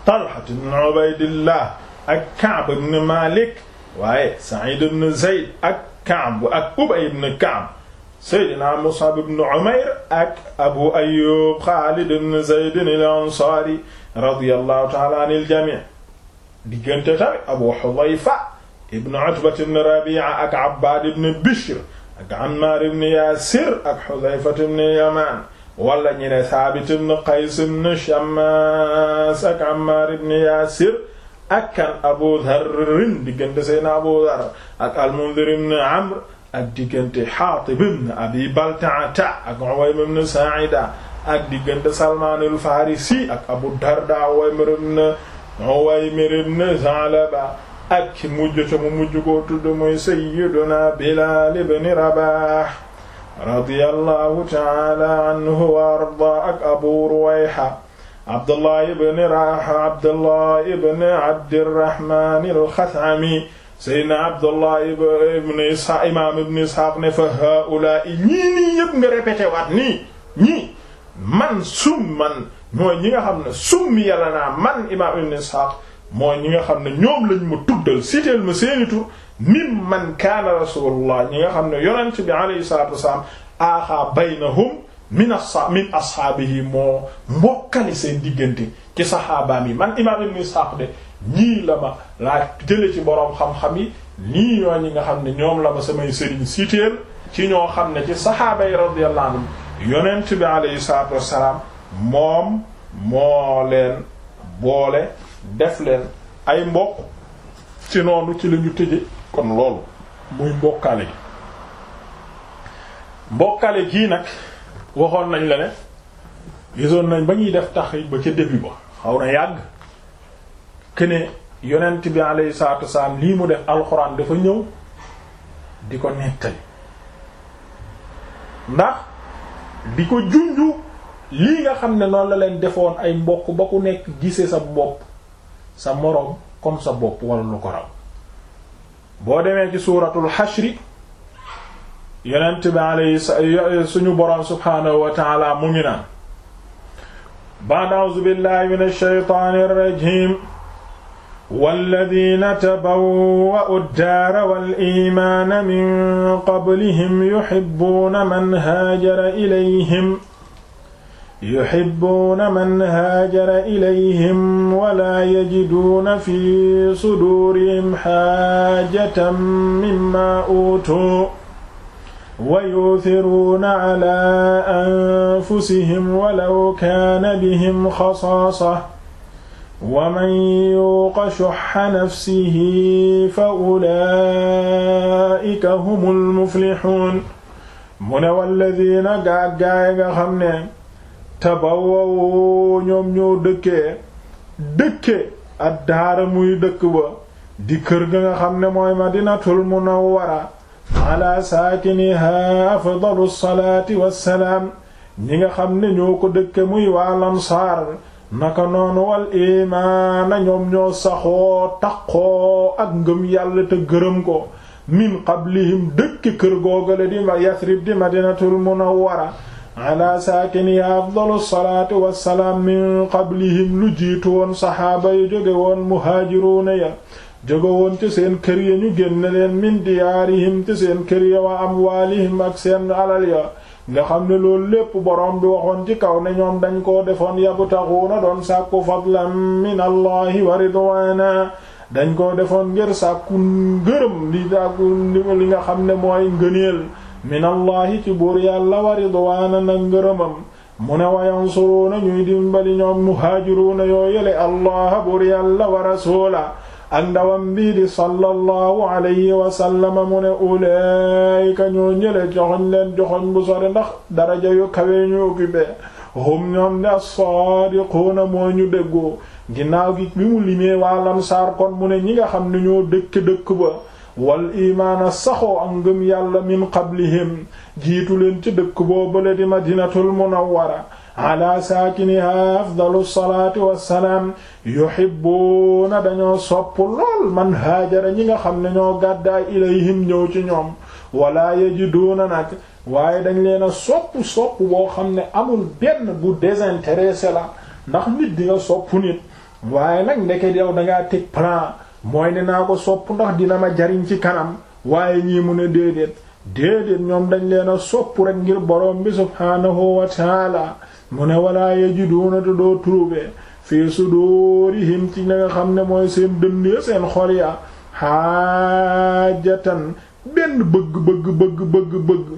S1: Talha ibn Ubaydillah ak Ka'b ibn Malik waaye Sa'id ibn Zayd ak Ka'b ak Ubay ibn Ka'b Seydina Mus'ab ibn Umayr ak Abu Ayyub Xaalid ibn Zayd al-Ansaari radiyallahu ta'ala anil jami' diggante tamit Abu Hudayfa ibn Utba ibn Rabi'a ak Abbad ibn Bishr ak Ammar ibn Yasir ak Hudayfa ibn Yaman wala ñu ne Saabit ibn Qays ibn Shammas ak Ammar ibn Yasir ak kan Abu Dharrin al-Mundhir ibn Amr ak diggante Hatib ibn Abi Balta'a ak Uwaym ibn Sa'ida ak diggante Salman al-Farisi ak Abu Darda Uwaymir ibn Uwaymir ak mujj ca mujj koo tudd mooy Sayyiduna Bilal ibn Rabah radiyallahu ta'ala anhu wa arda Abu Ruwayha abdullah ibn raha abdullah ibn abdirrahman alxasami seydna abdullah ibn isa imam ibn isxaaq ne fa haula i ñii nii yëpp nga répété waat nii ñii man sum man mooy ñi nga xam ne summi yàlla naa man imam ibn isxaaq mooy ñi nga xam ne ñoom lañ ma tuddal siiteel ma seeni tur mim man kaana rasulullah ñi nga xam ne yonent bi alayhi salatu wasalaam aaxaa baynahum min asa min ashaabihi moo mokkali seen diggante ci saxaabaam yi man imaam ibn Ishaq de ñii la ma laa jële ci boroom xam-xam yi nii ñoo ñi nga xam ne ñoom la ma samay sëriñ siteel ci ñoo xam ne ci saxaaba yi radiyallahu anhum yonent bi alayhi salaatu wassalaam moom moo leen boole def leen ay mbokk ci noonu ci la ñu tëje kon loolu muy mbokkale gi mbokkale gii nag waxoon nañ la ne gisoon nañ ba ñuy def tax ba ca début ba xaw na yàgg kene yonent bi alayhi salaatu wasalaam lii mu def alxuraan dafa ñëw di ko nettali ndax di ko junju lii nga xam ne noonu la leen defoon ay mbokk ba ku nekk gisee sa bopp sa moroom comme sa bopp wala lu ko raw boo demee ci suuratul xashri yonent bi alayhi suñu boroom subhaanahu wa taala mu ngi naan ba'd a'uuzu billahi minash shaytaanir rajiim walladina tabawwa'u ad-daara wal iimaana min qablihim yuhibbuuna man haajara ilayhim yuhibbuuna man haajara ilayhim wala yajiduuna fi suduurihim haajatan mimmaa uutuu wa yuuthiruuna alaa anfusihim walaw kaana bihim xasaasa wa man yuuqa shuhha nafsihi fa ulaa'ika humul muflihuun mu ne walladiina gaaggaay nga xam ne tabawwaw ñoom ñoo dëkkee dëkke ad daara muy dëkk ba di kër ga nga xam ne mooy madinatul munawwara ala saakiniha afdalu salaati wassalaam ñi nga xam ne ñoo ko dëkke muy waa lansaar naka noonu wal imaana ñoom ñoo saxoo taqoo ak ngëm yàlla te gërëm ko min qablihim dëkki kër googale di yasrib di madinatul munawwara ala saakiniha al salaati wassalaam min qablihim lu jiitu woon saxaaba yu jóge woon muhaajiruuna ya jógowoon ci seen kër ya ñu génne leen min diyaarihim ci seen kër ya wa amwaalihim ak seen alal ya nga xam ne loolu lépp boroom bi waxoon ci kaw ne ñoom dañ koo defoon yabtaxuuna doon sàkku fadlan min allahi wa ridwaana dañ koo defoon ngir sàkku ngërëm li sàkku li nga xam ne mooy ngëneel min ci buur yàlla wa ridwaana nag ngërëmam mu ne wa yansuruuna ñuy dimbali ñoom muhaajiruuna yoo yele allaha buur yàlla wa rasuula ak ndawam bii di sallallahu alayhi wa sallam mu ne ulaayika ñoo ñële joxoñ leen joxoñ bu sore ndax daraja yu kawe ñu occupé hum ñoom ne as moo ñu déggoo ginnaaw gi bi mu limee waa lamsaar kon mu ne ñi nga xam ne ñoo dëkk dëkk ba wal imaana saxoo ak ngëm yàlla min qablihim jiitu leen ci dëkk boobale di madinatul munawwara ala saakiniha afdalu salaati wassalaam yuhibbuuna dañoo sopp lool man haajara ñi nga xam ne ñoo gàddaay ilayhim ñëw ci ñoom wala yajiduuna nag waaye dañ leen a sopp sopp boo xam ne amul benn bu désintéressé ndax nit di soppu nit waaye nag ndeke yow dangaa teg plan mooy ne naa ko soppu ndax dina ma jariñ ci kanam waaye ñii mu ne déedéet déedéet ñoom dañ leen a sopp rek ngir boroom bi subhaanahu wa mu ne walaa yajiduuna te doo trouver fii suduurihim ci na nga xam ne mooy seen dënd ya seen xol ya xaajatan benn bëgg bëgg bëgg bëgg bëgg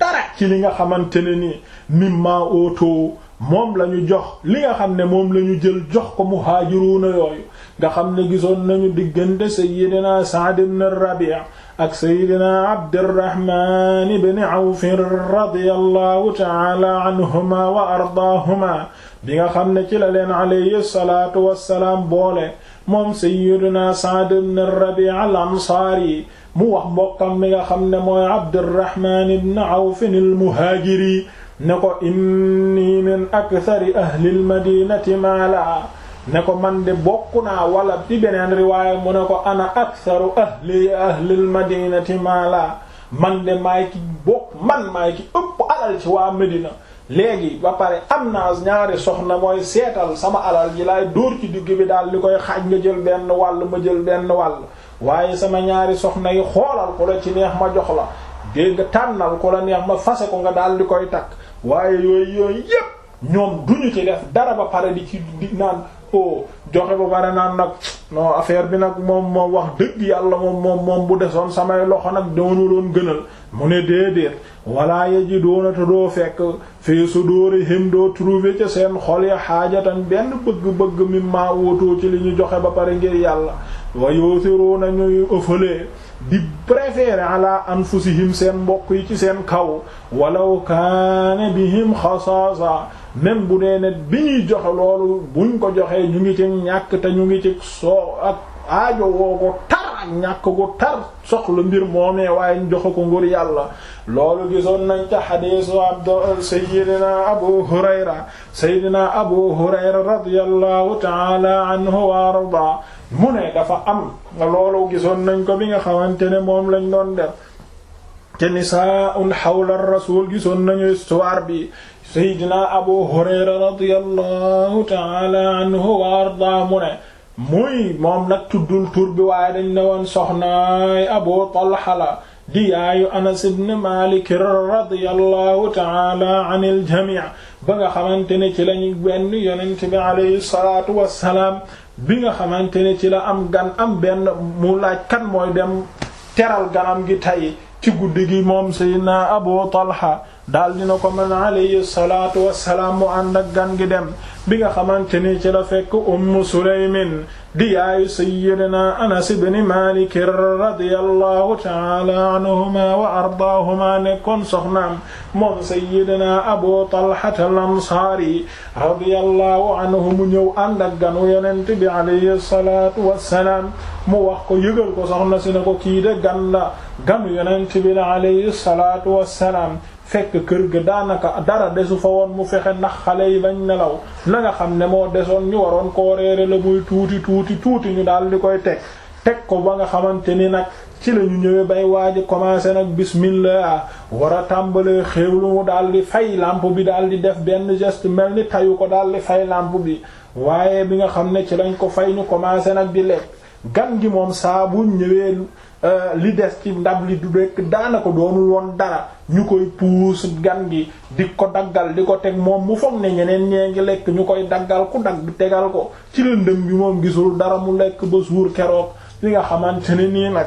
S1: dara ci li nga xamante ne ni mimma ootoo moom la ñu jox li nga xam ne moom la ñu jël jox ko muhaajiruuna yooyu nga xam ne gisoon nañu diggante sayyidina Sa'd ibn Rabi' ak sayyidina Abdurrahman ibn Awf radiyallahu ta'ala anhuma wa ardaahuma bi nga xam ne ci la leen alayhi salaatu wassalaam boole moom sayyidina Sa'd ibn Rabi' al mu wax mbokkam mi nga xam ne mooy Abdurrahman ne ko inni min akthari ahlil madinati maala ne ko man de bokk naa wala ci beneen riwaaya mu ne ko ana aktharu ahli ahlil madinati maala man de maay ki bokk man maay ki ëpp alal ci waa Medina léegi ba pare am naa ñaari soxna mooy seetal sama alal ji laay dóor ci digg bi daal di koy xaaj nga jël benn wàll ma jël benn wàll waaye sama ñaari soxna yi xoolal ku la ci neex ma jox la dégg nga tànnal ku la neex ma fase ko nga daal di koy takk waaye yooyu yooyu ñoom duñu ci def dara ba pare bi ci di naan o oh, joxe ba pare naan nag non affaire bi nag moom moom wax dëgg yàlla moom moom moom bu desoon samay loxo nag doonu doon gënal mu ne déedéet walaa ye ji doona doo fekk fii su dóori him doo trouver ca seen xol ya xaajatan benn bëgg-bëgg mi maa ci li ñu joxe ba pare ngir yàlla wa yoo nañuy ëfalee di préférer ala anfusihim seen mbokk yi ci seen kaw walaw kaana bihim xasaasa même bu dee ne bi ñuy joxe loolu buñ ko joxe ñu ngi ci ñàkk te ñu ngi ci soo ak aajo woo tar ak ñàkk gu tar soxla mbir moomee waaye jox ko nguur yàlla loolu gisoon nañ ca xadiisu abd sayidina abu hurayra sayidina abu hurayra radiyallahu taala anhu wa arda mu dafa am nga loolu gisoon nañ ko bi nga xamante ne moom lañ doon def te nisaa'un hawla rasul gisoon nañu histoire bi seydina abu hurayra radiyallahu taala anhu wa arda mu ne muy moom nag tuddul tur bi dañ ne woon soxnaay abu talha la di yaayu anas ibn malik radiyallahu taala anil jamii ba nga xamante ne ci lañu benn yonent bi alayhi salaatu wassalaam bi nga xamante ne ci la am gan am benn mu laaj kan mooy dem teral ganam gi tey ci guddi gi moom Seydina Abu Talha daal dina ko mën alayhi salaatu wassalaam mu ànd ak gan gi dem bi nga xamante ni ci la fekk ummu sulaymin di yaayu sayyidina anas ibn maalik radiyallahu ta'ala anhuma wa ardaahuma nekkoon soxnaam moom sayyidina abu talhata al-ansaari radiyallahu ñëw ànd ak ganu alayhi salaatu wassalaam mu wax ko yëgal ko soxna si ne ko kii de gan la ganu alayhi salaatu wassalaam fekk kër ga daanaka dara desu fa woon mu fexe ndax xale yi bañ nelaw la nga xam ne moo desoon ñu waroon koo reere la muy tuuti tuuti tuuti ñu daal di koy teg teg ko ba nga xamante ni nag ci la ñu ñëwee bay waaj commencé nag bismillah war a tàmbalee lu mu daal di fay lampe bi daal di def benn gest mel ni tayu ko daal di fay lampe bi waaye bi nga xam ne ci lañ ko fay ñu commencé nag di lekk gan gi moom saa ñëwee. Euh, li des ci ndab li du rekk daanaka doonul woon dara ñu koy puus gan gi di ko daggal di ko teg moom mu foog ne ñeneen ñee ngi lekk ñu koy daggal ku dagg tegal ko ci lëndëm bi moom gisul dara mu lekk ba suur keroog li nga xamante ne nii nag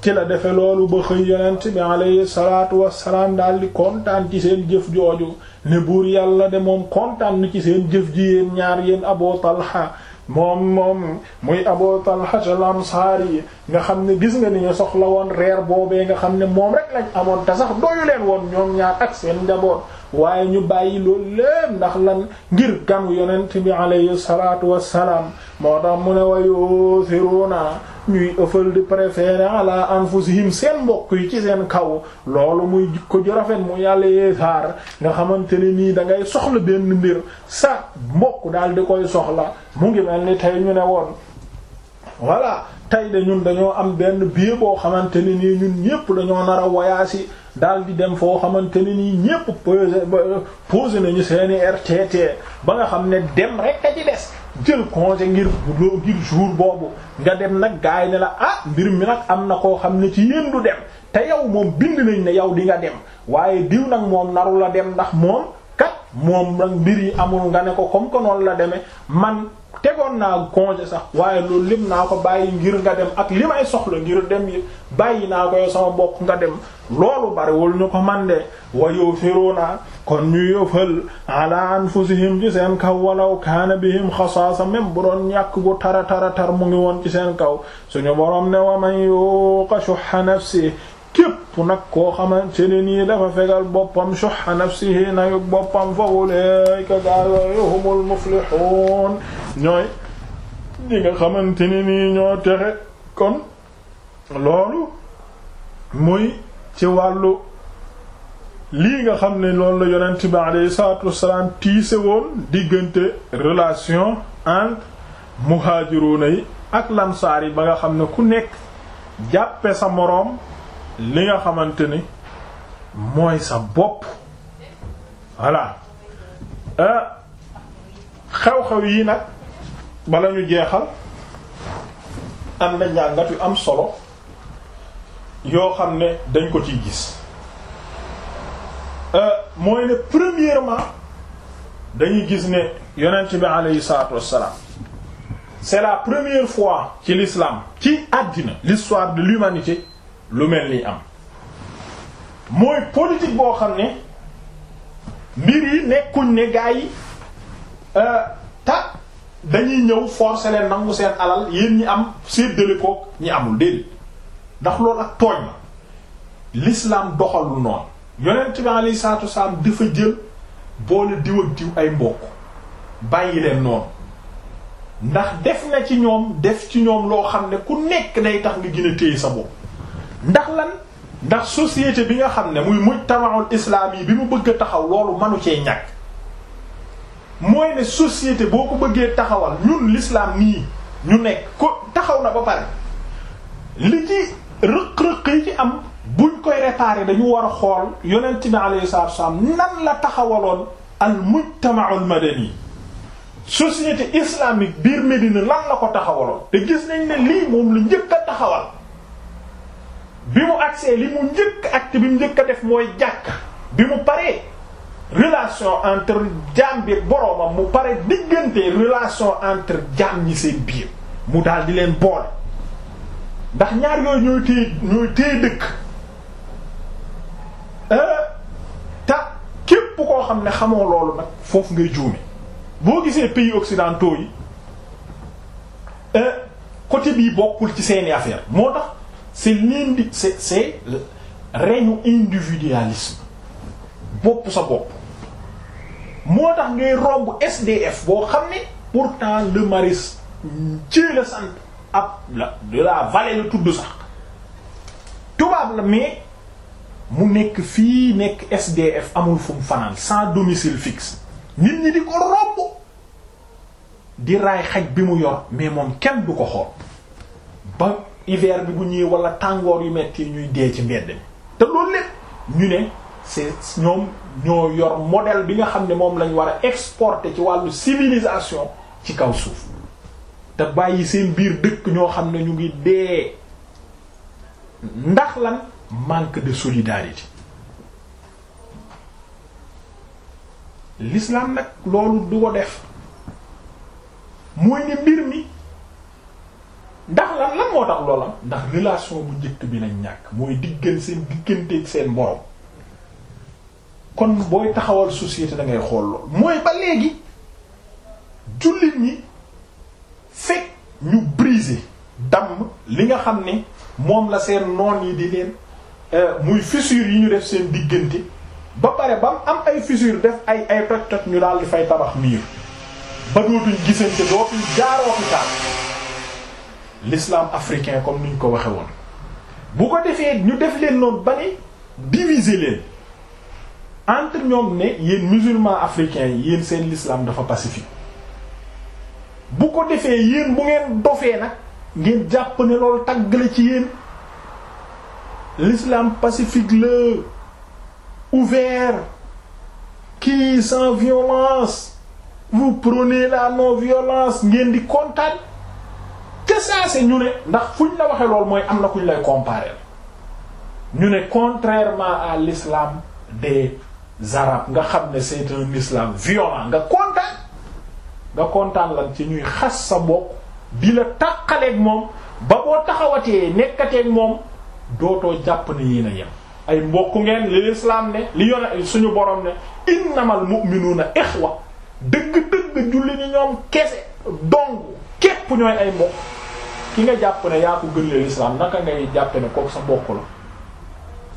S1: ci la defe loolu ba xëy yonent bi alayhi salaatu wassalaam daal di kontaan ci seen jëf jooju ne buur yàlla de moom kontaan na ci seen jëf ji yéen ñaar yéen Abu Talha moom moom muy Abu Talha al-Ansari nga xam ne gis nga ni ñu soxla woon reer boobee nga xam ne moom rek lañ amoon te sax doyu leen woon ñoom ñaar ak seen njaboot waaye ñu bàyyi loolu lépp ndax lan ngir gàngu yonent bi alayhi salaatu wassalaam moo tax mu ne wayu siruna ñuy ëffal di préférer ala anfusihim seen mbokk yi ci seen kaw loolu muy jikko ju rafet mu yàlla yee saar nga xamante ni nii dangay soxla benn mbir sa mbokk daal di koy soxla mu ngi mel ni tey ñu ne woon voilà tey de ñun dañoo am benn biir boo xamante ni nii ñun ñépp dañoo nar a daal di dem foo xamante ne nii ñépp posé posé nañu seeni RTT ba nga xam ne dem rek a ci des jël congé ngir loo ngir jour boobu nga dem nag gaay ne la ah mbir mi nag am na koo xam ne ci yéen du dem te yow moom bind nañ ne yow di nga dem waaye diw nag moom naru la dem ndax moom kat moom nag mbir yi amul nga ne ko comme que la demee man tegoon naa congé sax waaye loolu lim naa ko bàyyi ngir nga dem ak li may soxla ngir dem yi bàyyi naa ko sama bokk nga dem loolu bariwul ñu ko mande de wa yu'thiruna kon ñuy yëfal ala anfusihim ci seen kaw walaw kaana bihim xasaasa même bu doon ñàkk gu tara tara mu ngi woon ci seen kaw suñu borom ne wa man yuqa shuhha nafsi képp nag koo xamante ne nii dafa fegal boppam shuhha nafsihi nag boppam fa ulayka humul muflihun ñooy ñi nga xamante ne nii ñoo texe kon loolu muy ci wàllu lii nga xam ne loolu la yonent bi aleyhi saatu wasalaam tiise woon diggante relation entre muhaajiruuna yi ak lansaar yi ba nga xam ne ku nekk jàppe sa moroom li nga xamante ni mooy sa bopp voilà euh, xew-xew yi nag bala ñu jeexal am na njàngat yu am solo yoo xam ne dañ ko ci gis euh, mooy ne premièrement dañuy gis ne yonent bi aleyhi salaatu wassalaam c'est la première fois ci l'islam ci àddina l'histoire de l'humanité lu mel ni am mooy politique boo xam ne mbir yi nekkuñ ne gaa yi euh, ta dañuy ñëw forcer leen nangu seen alal yéen ñi am séddale ko ñi amul déedéet ndax loolu ak tooñ la l'islam doxalu noonu yonent bi alayhi salaatu wasalaam dafa jël boole diwal ak diw ay mbokk bàyyi leen noonu ndax def na ci ñoom def ci ñoom loo xam ne ku nekk day tax nga gën a téye sa bopp ndax lan ndax société bi nga xam ne muy mujtama'ul islaam yi bi mu bëgg a taxaw loolu manu cee ñàkk mooy ne société boo ko bëggee taxawal ñun l'islam nii ñu nekk ko taxaw na ba pare li ci rëq-rëq yi ci am buñ koy réparer dañu war a xool yonent bi alayhi salaatu wasallam nan la taxawaloon al mujtama'u al madani société islamique biir Médina lan la ko taxawaloon te gis nañ ne lii moom lu njëkk a taxawal bi mu agsee li njëkk acte bi njëkk a def mooy jàkk bi mu paree relation entre jaam bi boroomam mu pare diggante relation entre jaam ñi seen biir mu daal di leen bool ndax ñaar yooyu ñooy téye ñooy téye dëkk euh, te képp koo xam ne xamoo loolu nag foofu ngay juume boo gisee pays occidentaux yi euh, côté bii bokkul ci seeni affaire moo tax c'est l'indi c'est c'est règne individualisme bopp sa bopp moo tax ngay romb SDF boo xam ne pourtant le maris ci la sant ab la de la vallée la tudd sax tubaab la mais mu nekk fii nekk SDF amul fu mu fanaan sans domicile fixe nit ñi di ko romb di raay xaj bi mu yor mais moom kenn du ko xool ba hiver bi bu ñëwee wala tàngoor yu metti ñuy dee ci mbedd mi te loolu lépp ñu ne c'est ñoom ñoo yor modèle bi nga xam ne moom lañu war a exporter ci wàllu civilisation ci kaw suuf te bàyyi seen biir dëkk ñoo xam ne ñu ngi dee ndax lan manque de solidarité l'islam nag loolu du ko def mooy ne mbir mi ndax lan lan moo tax loolam ndax relation bu njëkk bi nañ ñàkk mooy diggan seen digganteeg seen borom kon booy taxawal société da ngay xool lool mooy ba léegi jullit ñi fekk ñu briser damm li nga xam ne moom la seen noon yi di leen euh, muy fissure yi ñu def seen diggante ba pare bam am ay fissure def ay ay toj toj ñu daal di fay tabax miir ba dootuñ gisante dootuñ jaaroo fi taal l'islam africain comme ni ñu ko waxe woon bu ko defee ñu def leen noonu ba ne diviser leen entre ñoom ne yéen musulmans africains yi yéen seen l'islam dafa pacifique bu ko defee yéen bu ngeen dofee nag ngeen jàpp ne loolu tagg ci yéen l'islam pacifique la ouvert qui sans violence vous prônez la non violence ngeen di kontaan que ça c'est ñu ne ndax fuñ la waxee lool mooy am na ku kuñ lay comparer ñu ne contrairement à l'islam de arabes nga xam ne c'est un islam violent nga kontaan nga kontaan lan ci ñuy xas sa bokk bii la tàqaleeg moom ba boo taxawatee nekkateeg moom dootoo jàpp ne yéen a yem ay mbokk ngeen li lislaam ne li yone suñu boroom ne innamal mu'minuuna ixwa dëgg-dëgg julli ni ñoom kese dong képp ñooy ay mbokk ki nga jàpp ne yaa ko gën leen lislaam naka ngay jàpp ne kooku sa mbokk la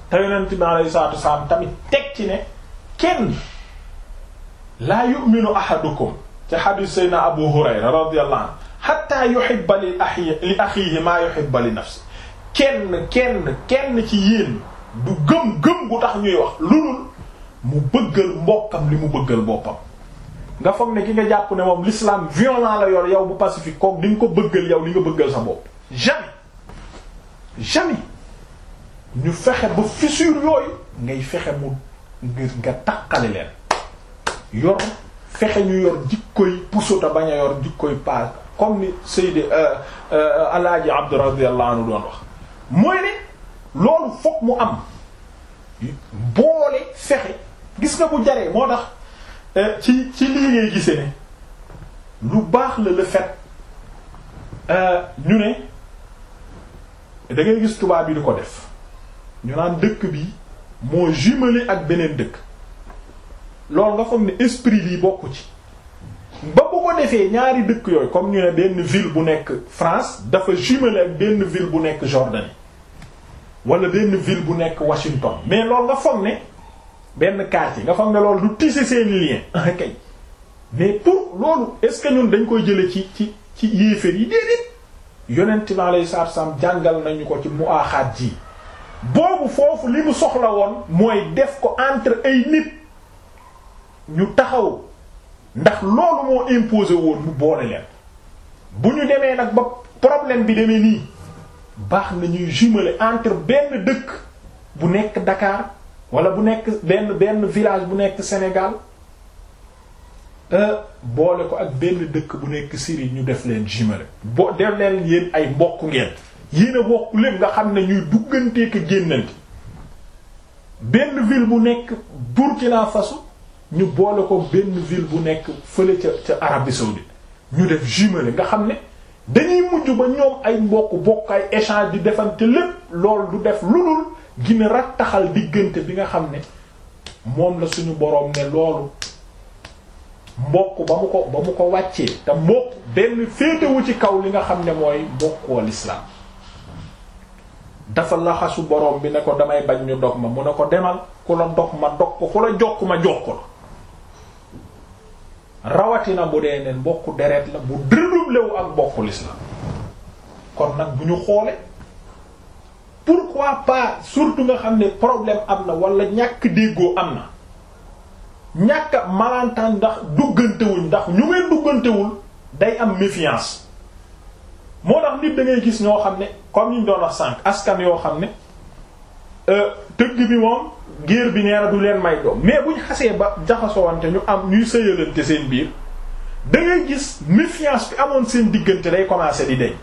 S1: te yonent bi alayhi salaatu wasalaam tamit teg ci ne kenn laa yu'minu ahadukum ci xadiis sayna abu hurayra radiyallahu anhu xatta yuhibba li axi li axiihi maa yuhibba li nafsi kenn kenn kenn ci yéen du gëm gëm gu tax ñuy wax lu dul mu bëggal mbokkam li mu bëggal boppam nga foog ne ki nga jàpp ne moom l'islam violent la yor yow bu pacifique kook di nga ko bëggal yow li nga bëggal sa bopp jamais jamais ñu fexe ba fissure yooyu ngay fexe mu ngir nga takkale leen yor fexe ñu yor jikkoy puso te bañ yor yor jikkoy paas comme ni Seydi euh, euh, Alaaji Abdu radiyallahu anhu doon wax mooy ne loolu fokk mu am boole fexe gis nga bu jaree moo tax euh, ci ci lii ngay gise ne lu baax la le fait ñu ne da gis tubaab yi di ko def ñu naan dëkk bi moo jumelé ak beneen dëkk loolu nga foog ne esprit bi bokk ci ba bu ko defee ñaari dëkk yooyu comme ñu ne benn ville bu nekk France dafa jumelé benn ville bu nekk Jordanie wala benn ville bu nekk Washington mais loolu nga foog ne benn quartier nga foog ne loolu du tisser seeni lien kay mais pour loolu est-ce que ñun dañ koy jële ci ci ci yéeféer yi déedéet yonent bi alayhi salaatu wasallam jàngal nañu ko ci mu aaxaat ji boobu foofu li mu soxla woon mooy def ko entre ay nit ñu taxaw ndax loolu moo imposé woon mu boole leen bu ñu demee nag ba problème bi demee nii baax na ñuy jumeler entre benn dëkk bu nekk Dakar wala bu nekk benn benn village bu nekk Sénégal euh, boole ko ak benn dëkk bu nekk Syrie ñu def leen jumeler boo def leen yéen ay mbokk ngeen yéen a bokk lépp nga xam ne ñuy dugganteek génnante benn ville bu nekk Burkina Faso ñu boole ko benn ville bu nekk fële ca ca Arabie saoudite ñu def jumelé nga xam ne dañuy mujj ba ñoom ay mbokk bokk ay échange di defante lépp lool du def lu dul gina rattaxal diggante bi nga xam ne moom la suñu boroom ne loolu mbokk ba mu ko ba mu ko wàccee te mbokk benn féetewu ci kaw li nga xam ne mooy mbokkoo lislaam dafa laxasu boroom bi ne ko damay bañ ñu dog ma mu ne ko demal ku la dog ma dog ko ku la jokk ma jokk la rawatina bu dee ne mbokku deret la bu dédoublé wu ak mbokku l'islam kon nag bu ñu xoole pourquoi pas surtout nga xam ne problème am na walla ñàkk déggoo am na ñàkk a ndax duggantewuñ ndax ñu ngeen duggantewul day am méfiance moo tax nit dangay gis ñoo xam ne comme ñu doon wax sànq askan yoo xam ne euh, tëgg bi moom. géer bi nee na du leen may doom mais buñ xasee ba jaxasowante ñu am ñuy sëyalante seen biir da ngay gis méfiance bi amoon seen diggante day commencer di deñ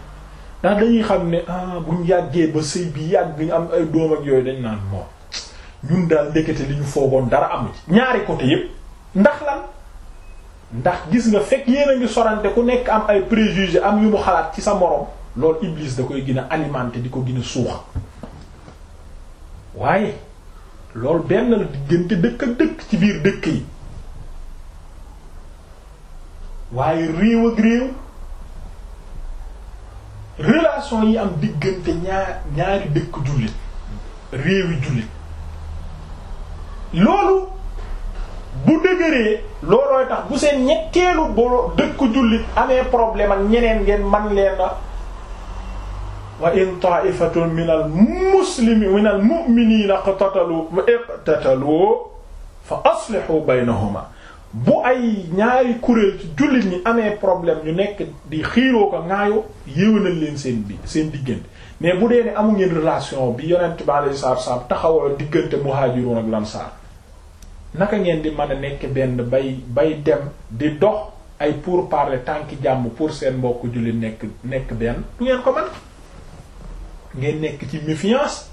S1: ndax dañuy xam ne ah ñu yàggee ba sëy bi yàgg bi ñu am ay doom yooyu dañ naan moom ñun daal ndekete li ñu foogoon dara am ci ñaari côté yépp ndax lan ndax gis nga fekk yéen ñu ngi sorante ku nekk am ay préjugés am yu mu xalaat ci sa moroom loolu Iblis da koy gën a di ko gën a loolu benn la diggante dëkk ak dëkk ci biir dëkk yi waaye réew ak réew relation yi am diggante ñaar ñaari dëkk jullit réewi jullit loolu bu dëgëree loolooy tax bu seen ñetteelu bolo dëkk jullit amee problème ak ñeneen ngeen man leen a wa in ta'ifatun minal muslimin minal mu'minina iqtatalu iqtatalu fa aslihu baynahuma bu ay ñaari kuréel ci jullit ñi amee problème ñu nekk di xiiroo ko ŋaayoo na leen seen bi seen diggante mais bu dee ne amu ngeen relation bi yonent bi alayhi salaatu salaam taxawal diggante muhaajiruun ak lansaar naka ngeen di mën a nekk benn bay bay dem di dox ay pour pourparlers tànki jàmm pour seen mbokk jullit nekk nekk benn du ngeen ko mën. ngeen nekk ci méfiance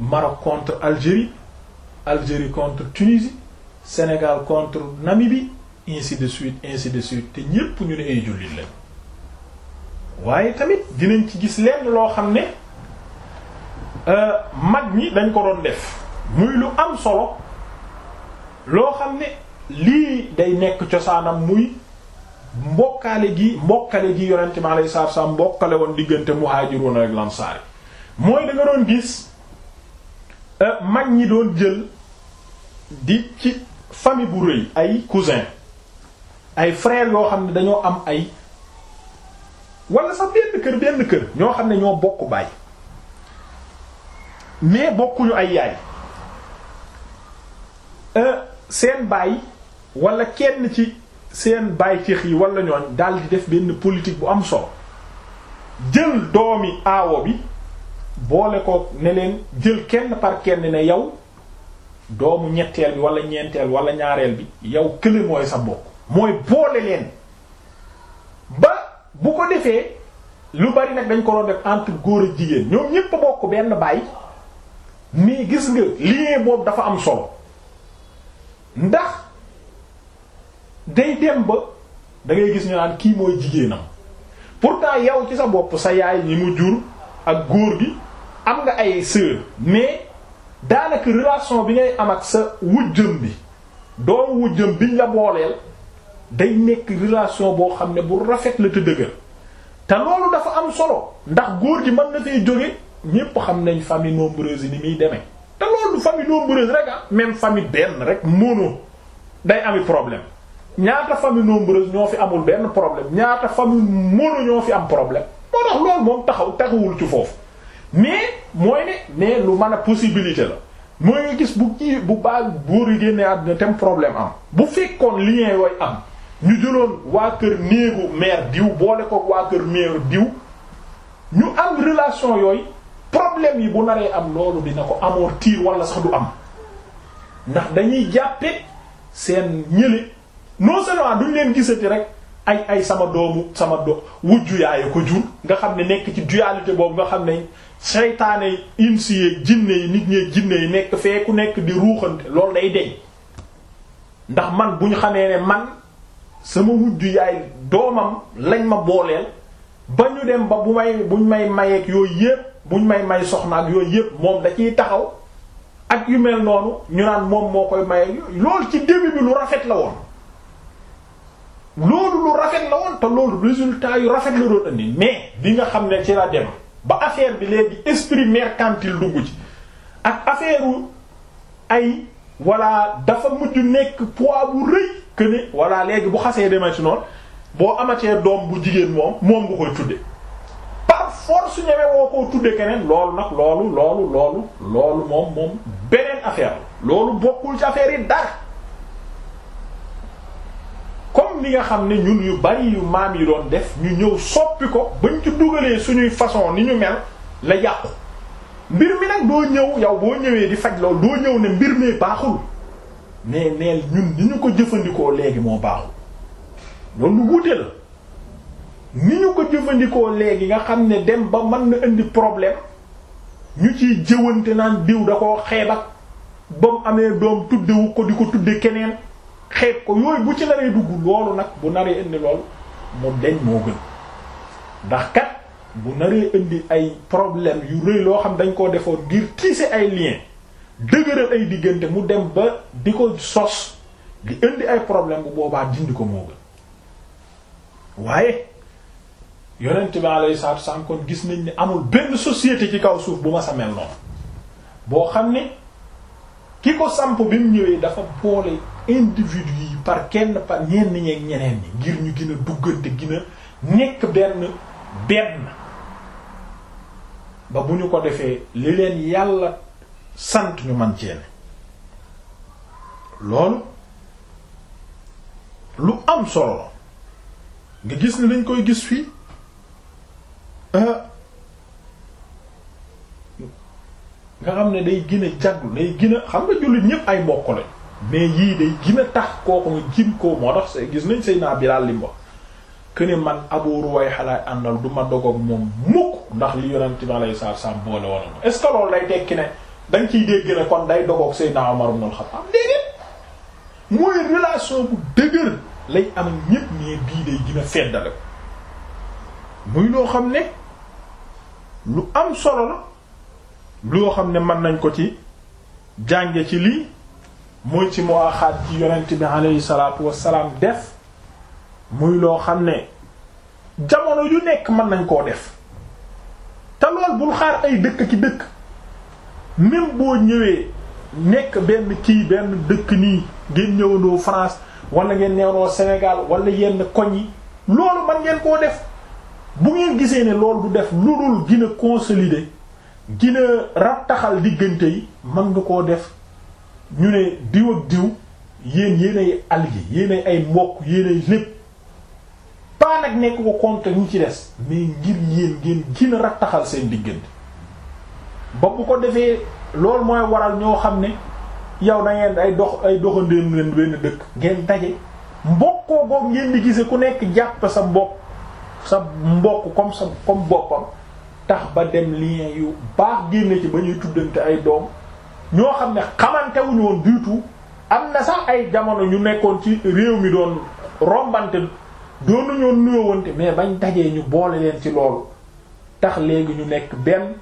S1: Maroc contre Algérie Algérie contre Tunisie Sénégal contre Namibie ainsi de suite ainsi de suite te ñépp ñu ne ay jullit lañ waaye tamit dinañ ci gis lenn loo xam ne euh, mag ñi dañ ko doon def muy lu am solo loo xam ne lii day nekk cosaanam muy mbokkaale gi mbokkale gi yonente mi alayhi salaatu wa salaam mbokkale woon diggante muhaajiruun ak lansaar mooy da nga doon gis euh, mag ñi doon jël di ci famille bu rëy ay cousin ay frère yoo xam ne dañoo am ay wala sax benn kër benn kër ñoo xam ne ñoo bokk baay mais bokkuñu ay yaay euh, seen baay wala kenn ci seen baay ceex yi wala ñooñ daal di def benn politique bu am solo jël doomi aawo bi boole ko ne jël kenn par kenn ne yow doomu ñetteel bi wala ñeenteel wala ñaareel bi yow kële mooy sa bokk mooy boole leen ba bu ko defee lu bari nag dañ ko doon def entre góor ak jigéen ñoom ñépp bokk benn baay ni gis nga lien boob dafa am solo ndax day dem ba dangay gis ñu naan kii mooy jigéenam pourtant yow ci sa bopp sa yaay ñi mu jur ak góor gi am nga ay sœur mais daanaka relation bi ngay am ak sa wujjëm bi doomu wujjëm biñ la booleel day nekk relation boo xam ne bu rafet la te dëgër te loolu dafa am solo ndax góor gi mën na fay jóge ñépp xam nañ famille nombreuse yi ni muy demee te loolu famille nombreuse rek ah même famille benn rek mono day ami problème ñaata famille nombreuse ñoo fi amul benn problème ñaata famille mono ñoo fi am problème moo tax loolu moom taxaw taxawul ci foofu mais mooy ne mais lu man a possibilité la mooy nga gis bu kii bu baax góor yi génnee àdduna tem problème am bu fekkoon lien yooyu am ñu jëloon waa kër néegu mère diw boole ko waa kër mère diw ñu am relation yooyu problème yi bu naree am loolu dina ko amortir wala sax du am ndax dañuy jàppe seen ñële noo seulement duñ leen gisati rek ay ay sama doomu sama do wujju yaayu ko jur nga xam ne nekk ci dualité boobu nga xam ne seytaane insi yeeg jinne yi nit ñeeg jinne yi nekk fee ku nekk di ruuxante loolu day deñ ndax man bu ñu xamee ne man sama wujj yaay doomam lañ ma booleel ba ñu dem ba bu may buñ may mayeeg yooyu yépp buñ may may soxna yooyu yépp moom da ciy taxaw ak yu mel noonu ñu naan moom moo koy maye loolu ci début bi lu rafet la woon loolu lu rafet la woon te loolu résultat yu rafet la doon indi mais bi nga xam ne ci la ba affaire bi léegi esprit mercantile dugg ci ak affaire ay walla dafa mujj nekk poids bu rëy que ne walla léegi bu xasee demee ci noonu boo amatee doom bu jigéen moom moom nga koy tudde par force ñëwee woo koo tudde keneen loolu nag loolu loolu loolu loolu moom moom beneen affaire loolu bokkul ci affaire yi dara comme li nga xam ne ñun yu bari yu maam yi doon def ñu ñëw soppi ko bañ ci dugalee suñuy façon ni ñu mel la yàqu mbir mi nag doo ñëw yow boo ñëwee di faj loolu doo ñëw ne mbir mee baaxul mais neel ñun ni ñu ko jëfandikoo léegi moo baaxul loolu lu la ni ñu ko jëfandikoo léegi nga xam ne dem ba mën na indi problème ñu ciy jëwante naan diw da koo xeebak ba mu amee doom tuddewu ko di ko tudde keneen xeet ko yooyu bu ci naree dugg loolu nag bu naree indi loolu mu deñ moo gën ndax kat bu naree indi ay problème yu rëy loo xam dañ koo defoon ngir tisser ay lien dëgëral ay diggante mu dem ba di ko sos di indi ay problème bu boobaa dindi ko moo gën waaye yonent bi alayhi salaatu wasallam kon gis nañ ne amul benn société ci kaw suuf bu ma sa mel noonu boo xam ne ki ko samp bi mu ñëwee dafa boole individu yi par kenn par ñenn ñeeg ñeneen ñi ngir ñu gën a duggante gën a nekk benn benn ba bu ñu ko defee li leen yàlla sant ñu man ceene loolu lu am solo nga gis ni lañ koy gis fii euh, nga xam ne day gën a jaglu day gën xam nga jullit ñépp ay mbokk lañ mais yii day gën a tax kooku nga jim koo moo tax gis nañ Seydina naa bi mu wax que ne man Abu Ruwayha laay àndal du ma dogoog moom mukk ndax li Yonent bi alayhi salaatu salaam boole woon ko est-ce ne da nga ciy dégg ne day dogoog Seydina Umar ibn al-Khattab déedéet mooy relation bu loo xam ne lu am solo la loo xam ne mën nañ ko ci jànge ci lii muy ci muaxaat ci yonent bi aleyhi salaatu wassalaam def muy loo xam ne jamono yu nekk mën nañ koo def te lool bul xaar ay dëkk ki dëkk même boo ñëwee nekk benn kii benn dëkk nii ngeen ñëwandoo France walla ngeen neewandoo Sénégal wala yenn koñ yi loolu man ngeen koo def bu ngeen gisee ne loolu du def lu dul gën a consolider gën a rattaxal diggante yi mën nga koo def ñu ne diw ak diw yéen yéen ay alliés yéen ay mbokk yéen ay lépp pas nag nekk ko contre ñi ci des mais ngir yéen ngeen gën a rattaxal seen diggante ba bu ko defee loolu mooy waral ñoo xam ne yow da ngeen ay dox ay doxandéem leen benn dëkk ngeen daje mbokkoo boog ngeen di gise ku nekk jàpp sa mbokk sa mbokk comme sa comme boppam tax ba dem lien yu baax génne ci ba ñuy tuddante ay doom ñoo xam ne xamante wuñu woon du am na sax ay jamono ñu nekkoon ci réew mi doon rombante doon ñoo nuyowante mais bañ dajee ñu boole leen ci loolu tax léegi ñu nekk benn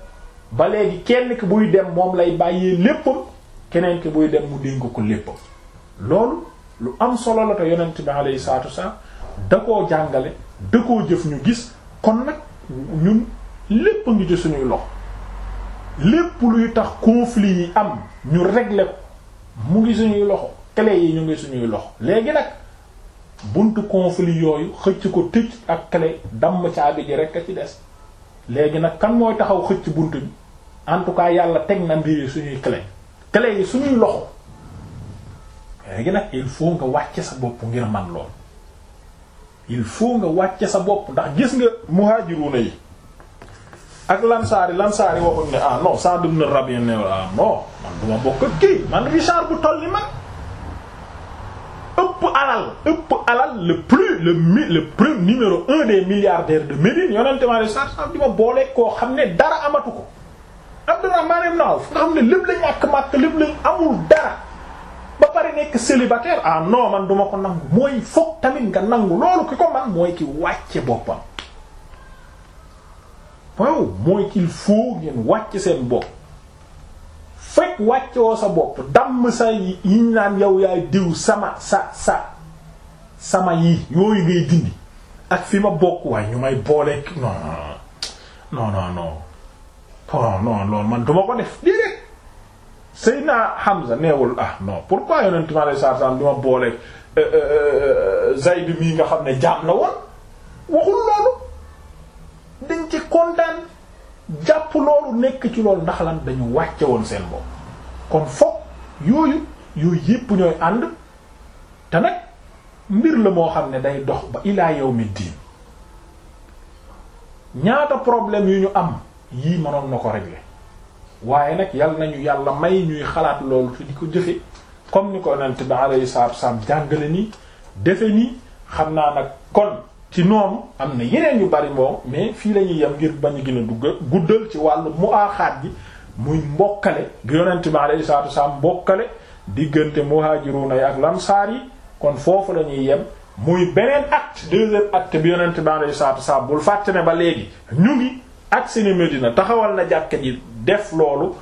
S1: ba léegi kenn ki buy dem moom lay bàyyee léppam keneen ki buy dem mu dénk ko léppam loolu lu am solo la te yonent bi alayhi salaatu wasalaam da koo jàngale da koo jëf ñu gis kon nag ñun lépp ngi ci suñuy loxo lépp luy tax conflit yi am ñu régler ko mu ngi suñuy loxo clé yi ñu ngi suñuy loxo léegi nag buntu conflit yooyu xëcc ko tëj ak clé damm caabi ji rek a ci des léegi nag kan mooy taxaw xëcc bunt bi en tout cas yàlla teg na mbir yi suñuy clé clé yi suñuy loxo léegi nag il faut nga wàcce sa bopp ngir man lool il faut nga wàcce sa bopp ndax gis nga muhajiruna yi ak lansaari lansaari waxuñ ne ah non Sa'd ibn Rabi' ne ah non man du ma bokk ak man Richard bu toll ni man ëpp alal ëpp alal le plus le mi le premier numéro un des milliardaires de Médine yonente maa ne Sa'd di ma booleeg koo xam ne dara amatu ko Abdurrahman ibn Awf nga xam ne lépp lañ ak màkk lépp lañ amul dara ba pare nekk célibataire ah non man du ko nangu mooy foog tamit nga nangu loolu ki ko man mooy ki wàcce boppam waaw mooy il faut ngeen wàcc seen bopp fekk wàccoo sa bopp damm sa yi ñu naan yow yaay diw sama sa sa sama yi yooyu ngay dindi ak fi ma bokk waaye ñu may boole non non non non man duma ko def déedéet Seydina Hamza neewul ah pour pourquoi yonent mi alayhi salaatu salaam di ma boole euh, euh, euh, Zayd mii nga xam ne jaam na woon waxul loolu. dañ ci kontaan jàpp loolu nekk ci loolu ndax dañu wàcce woon seen bopp kon foog yooyu yooyu yépp ñooy ànd te nag mbir la moo xam ne day dox ba ilaa yawmi diin ñaata problème yu ñu am yii mënoon na ko régler waaye nag yal nañu yàlla may ñuy xalaat loolu te di ko jëfe comme ni ko yonent bi alayhi salaatu jàngale nii defe nii xam naa nag kon ci noonu am na yeneen yu bari moom mais fii la ñuy yem ngir bañ a gën a dugg guddal ci wàll mu aaxaat gi muy mbokkale yonent bi alayhi salaatu mbokkale diggante muhaajiruuna yi ak lamsaar yi kon foofu la yem muy beneen acte deuxième acte bi yonent ñu ngi ak seeni Medina taxawal na jàkka ji def loolu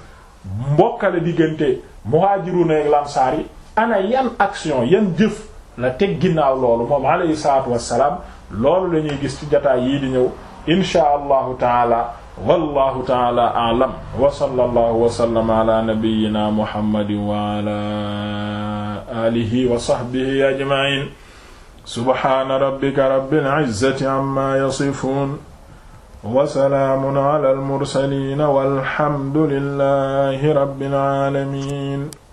S1: mbokkale diggante muhaajiruuna yi ak lamsaar yi ana yan action yan jëf la teg ginnaaw loolu moom alayhi salaatu loolu la ñuy gis ci jataay yii di ñëw inshaa allahu taala wallahu taala aalam wa sallallahu wa sallama ala nabiyyina muhammadin wa ala alihi wa sahbihi ajma'in subhana rabbika rabbil izzati amma yasifun wa salaamun ala al mursalin walhamdulillahi rabbil alamin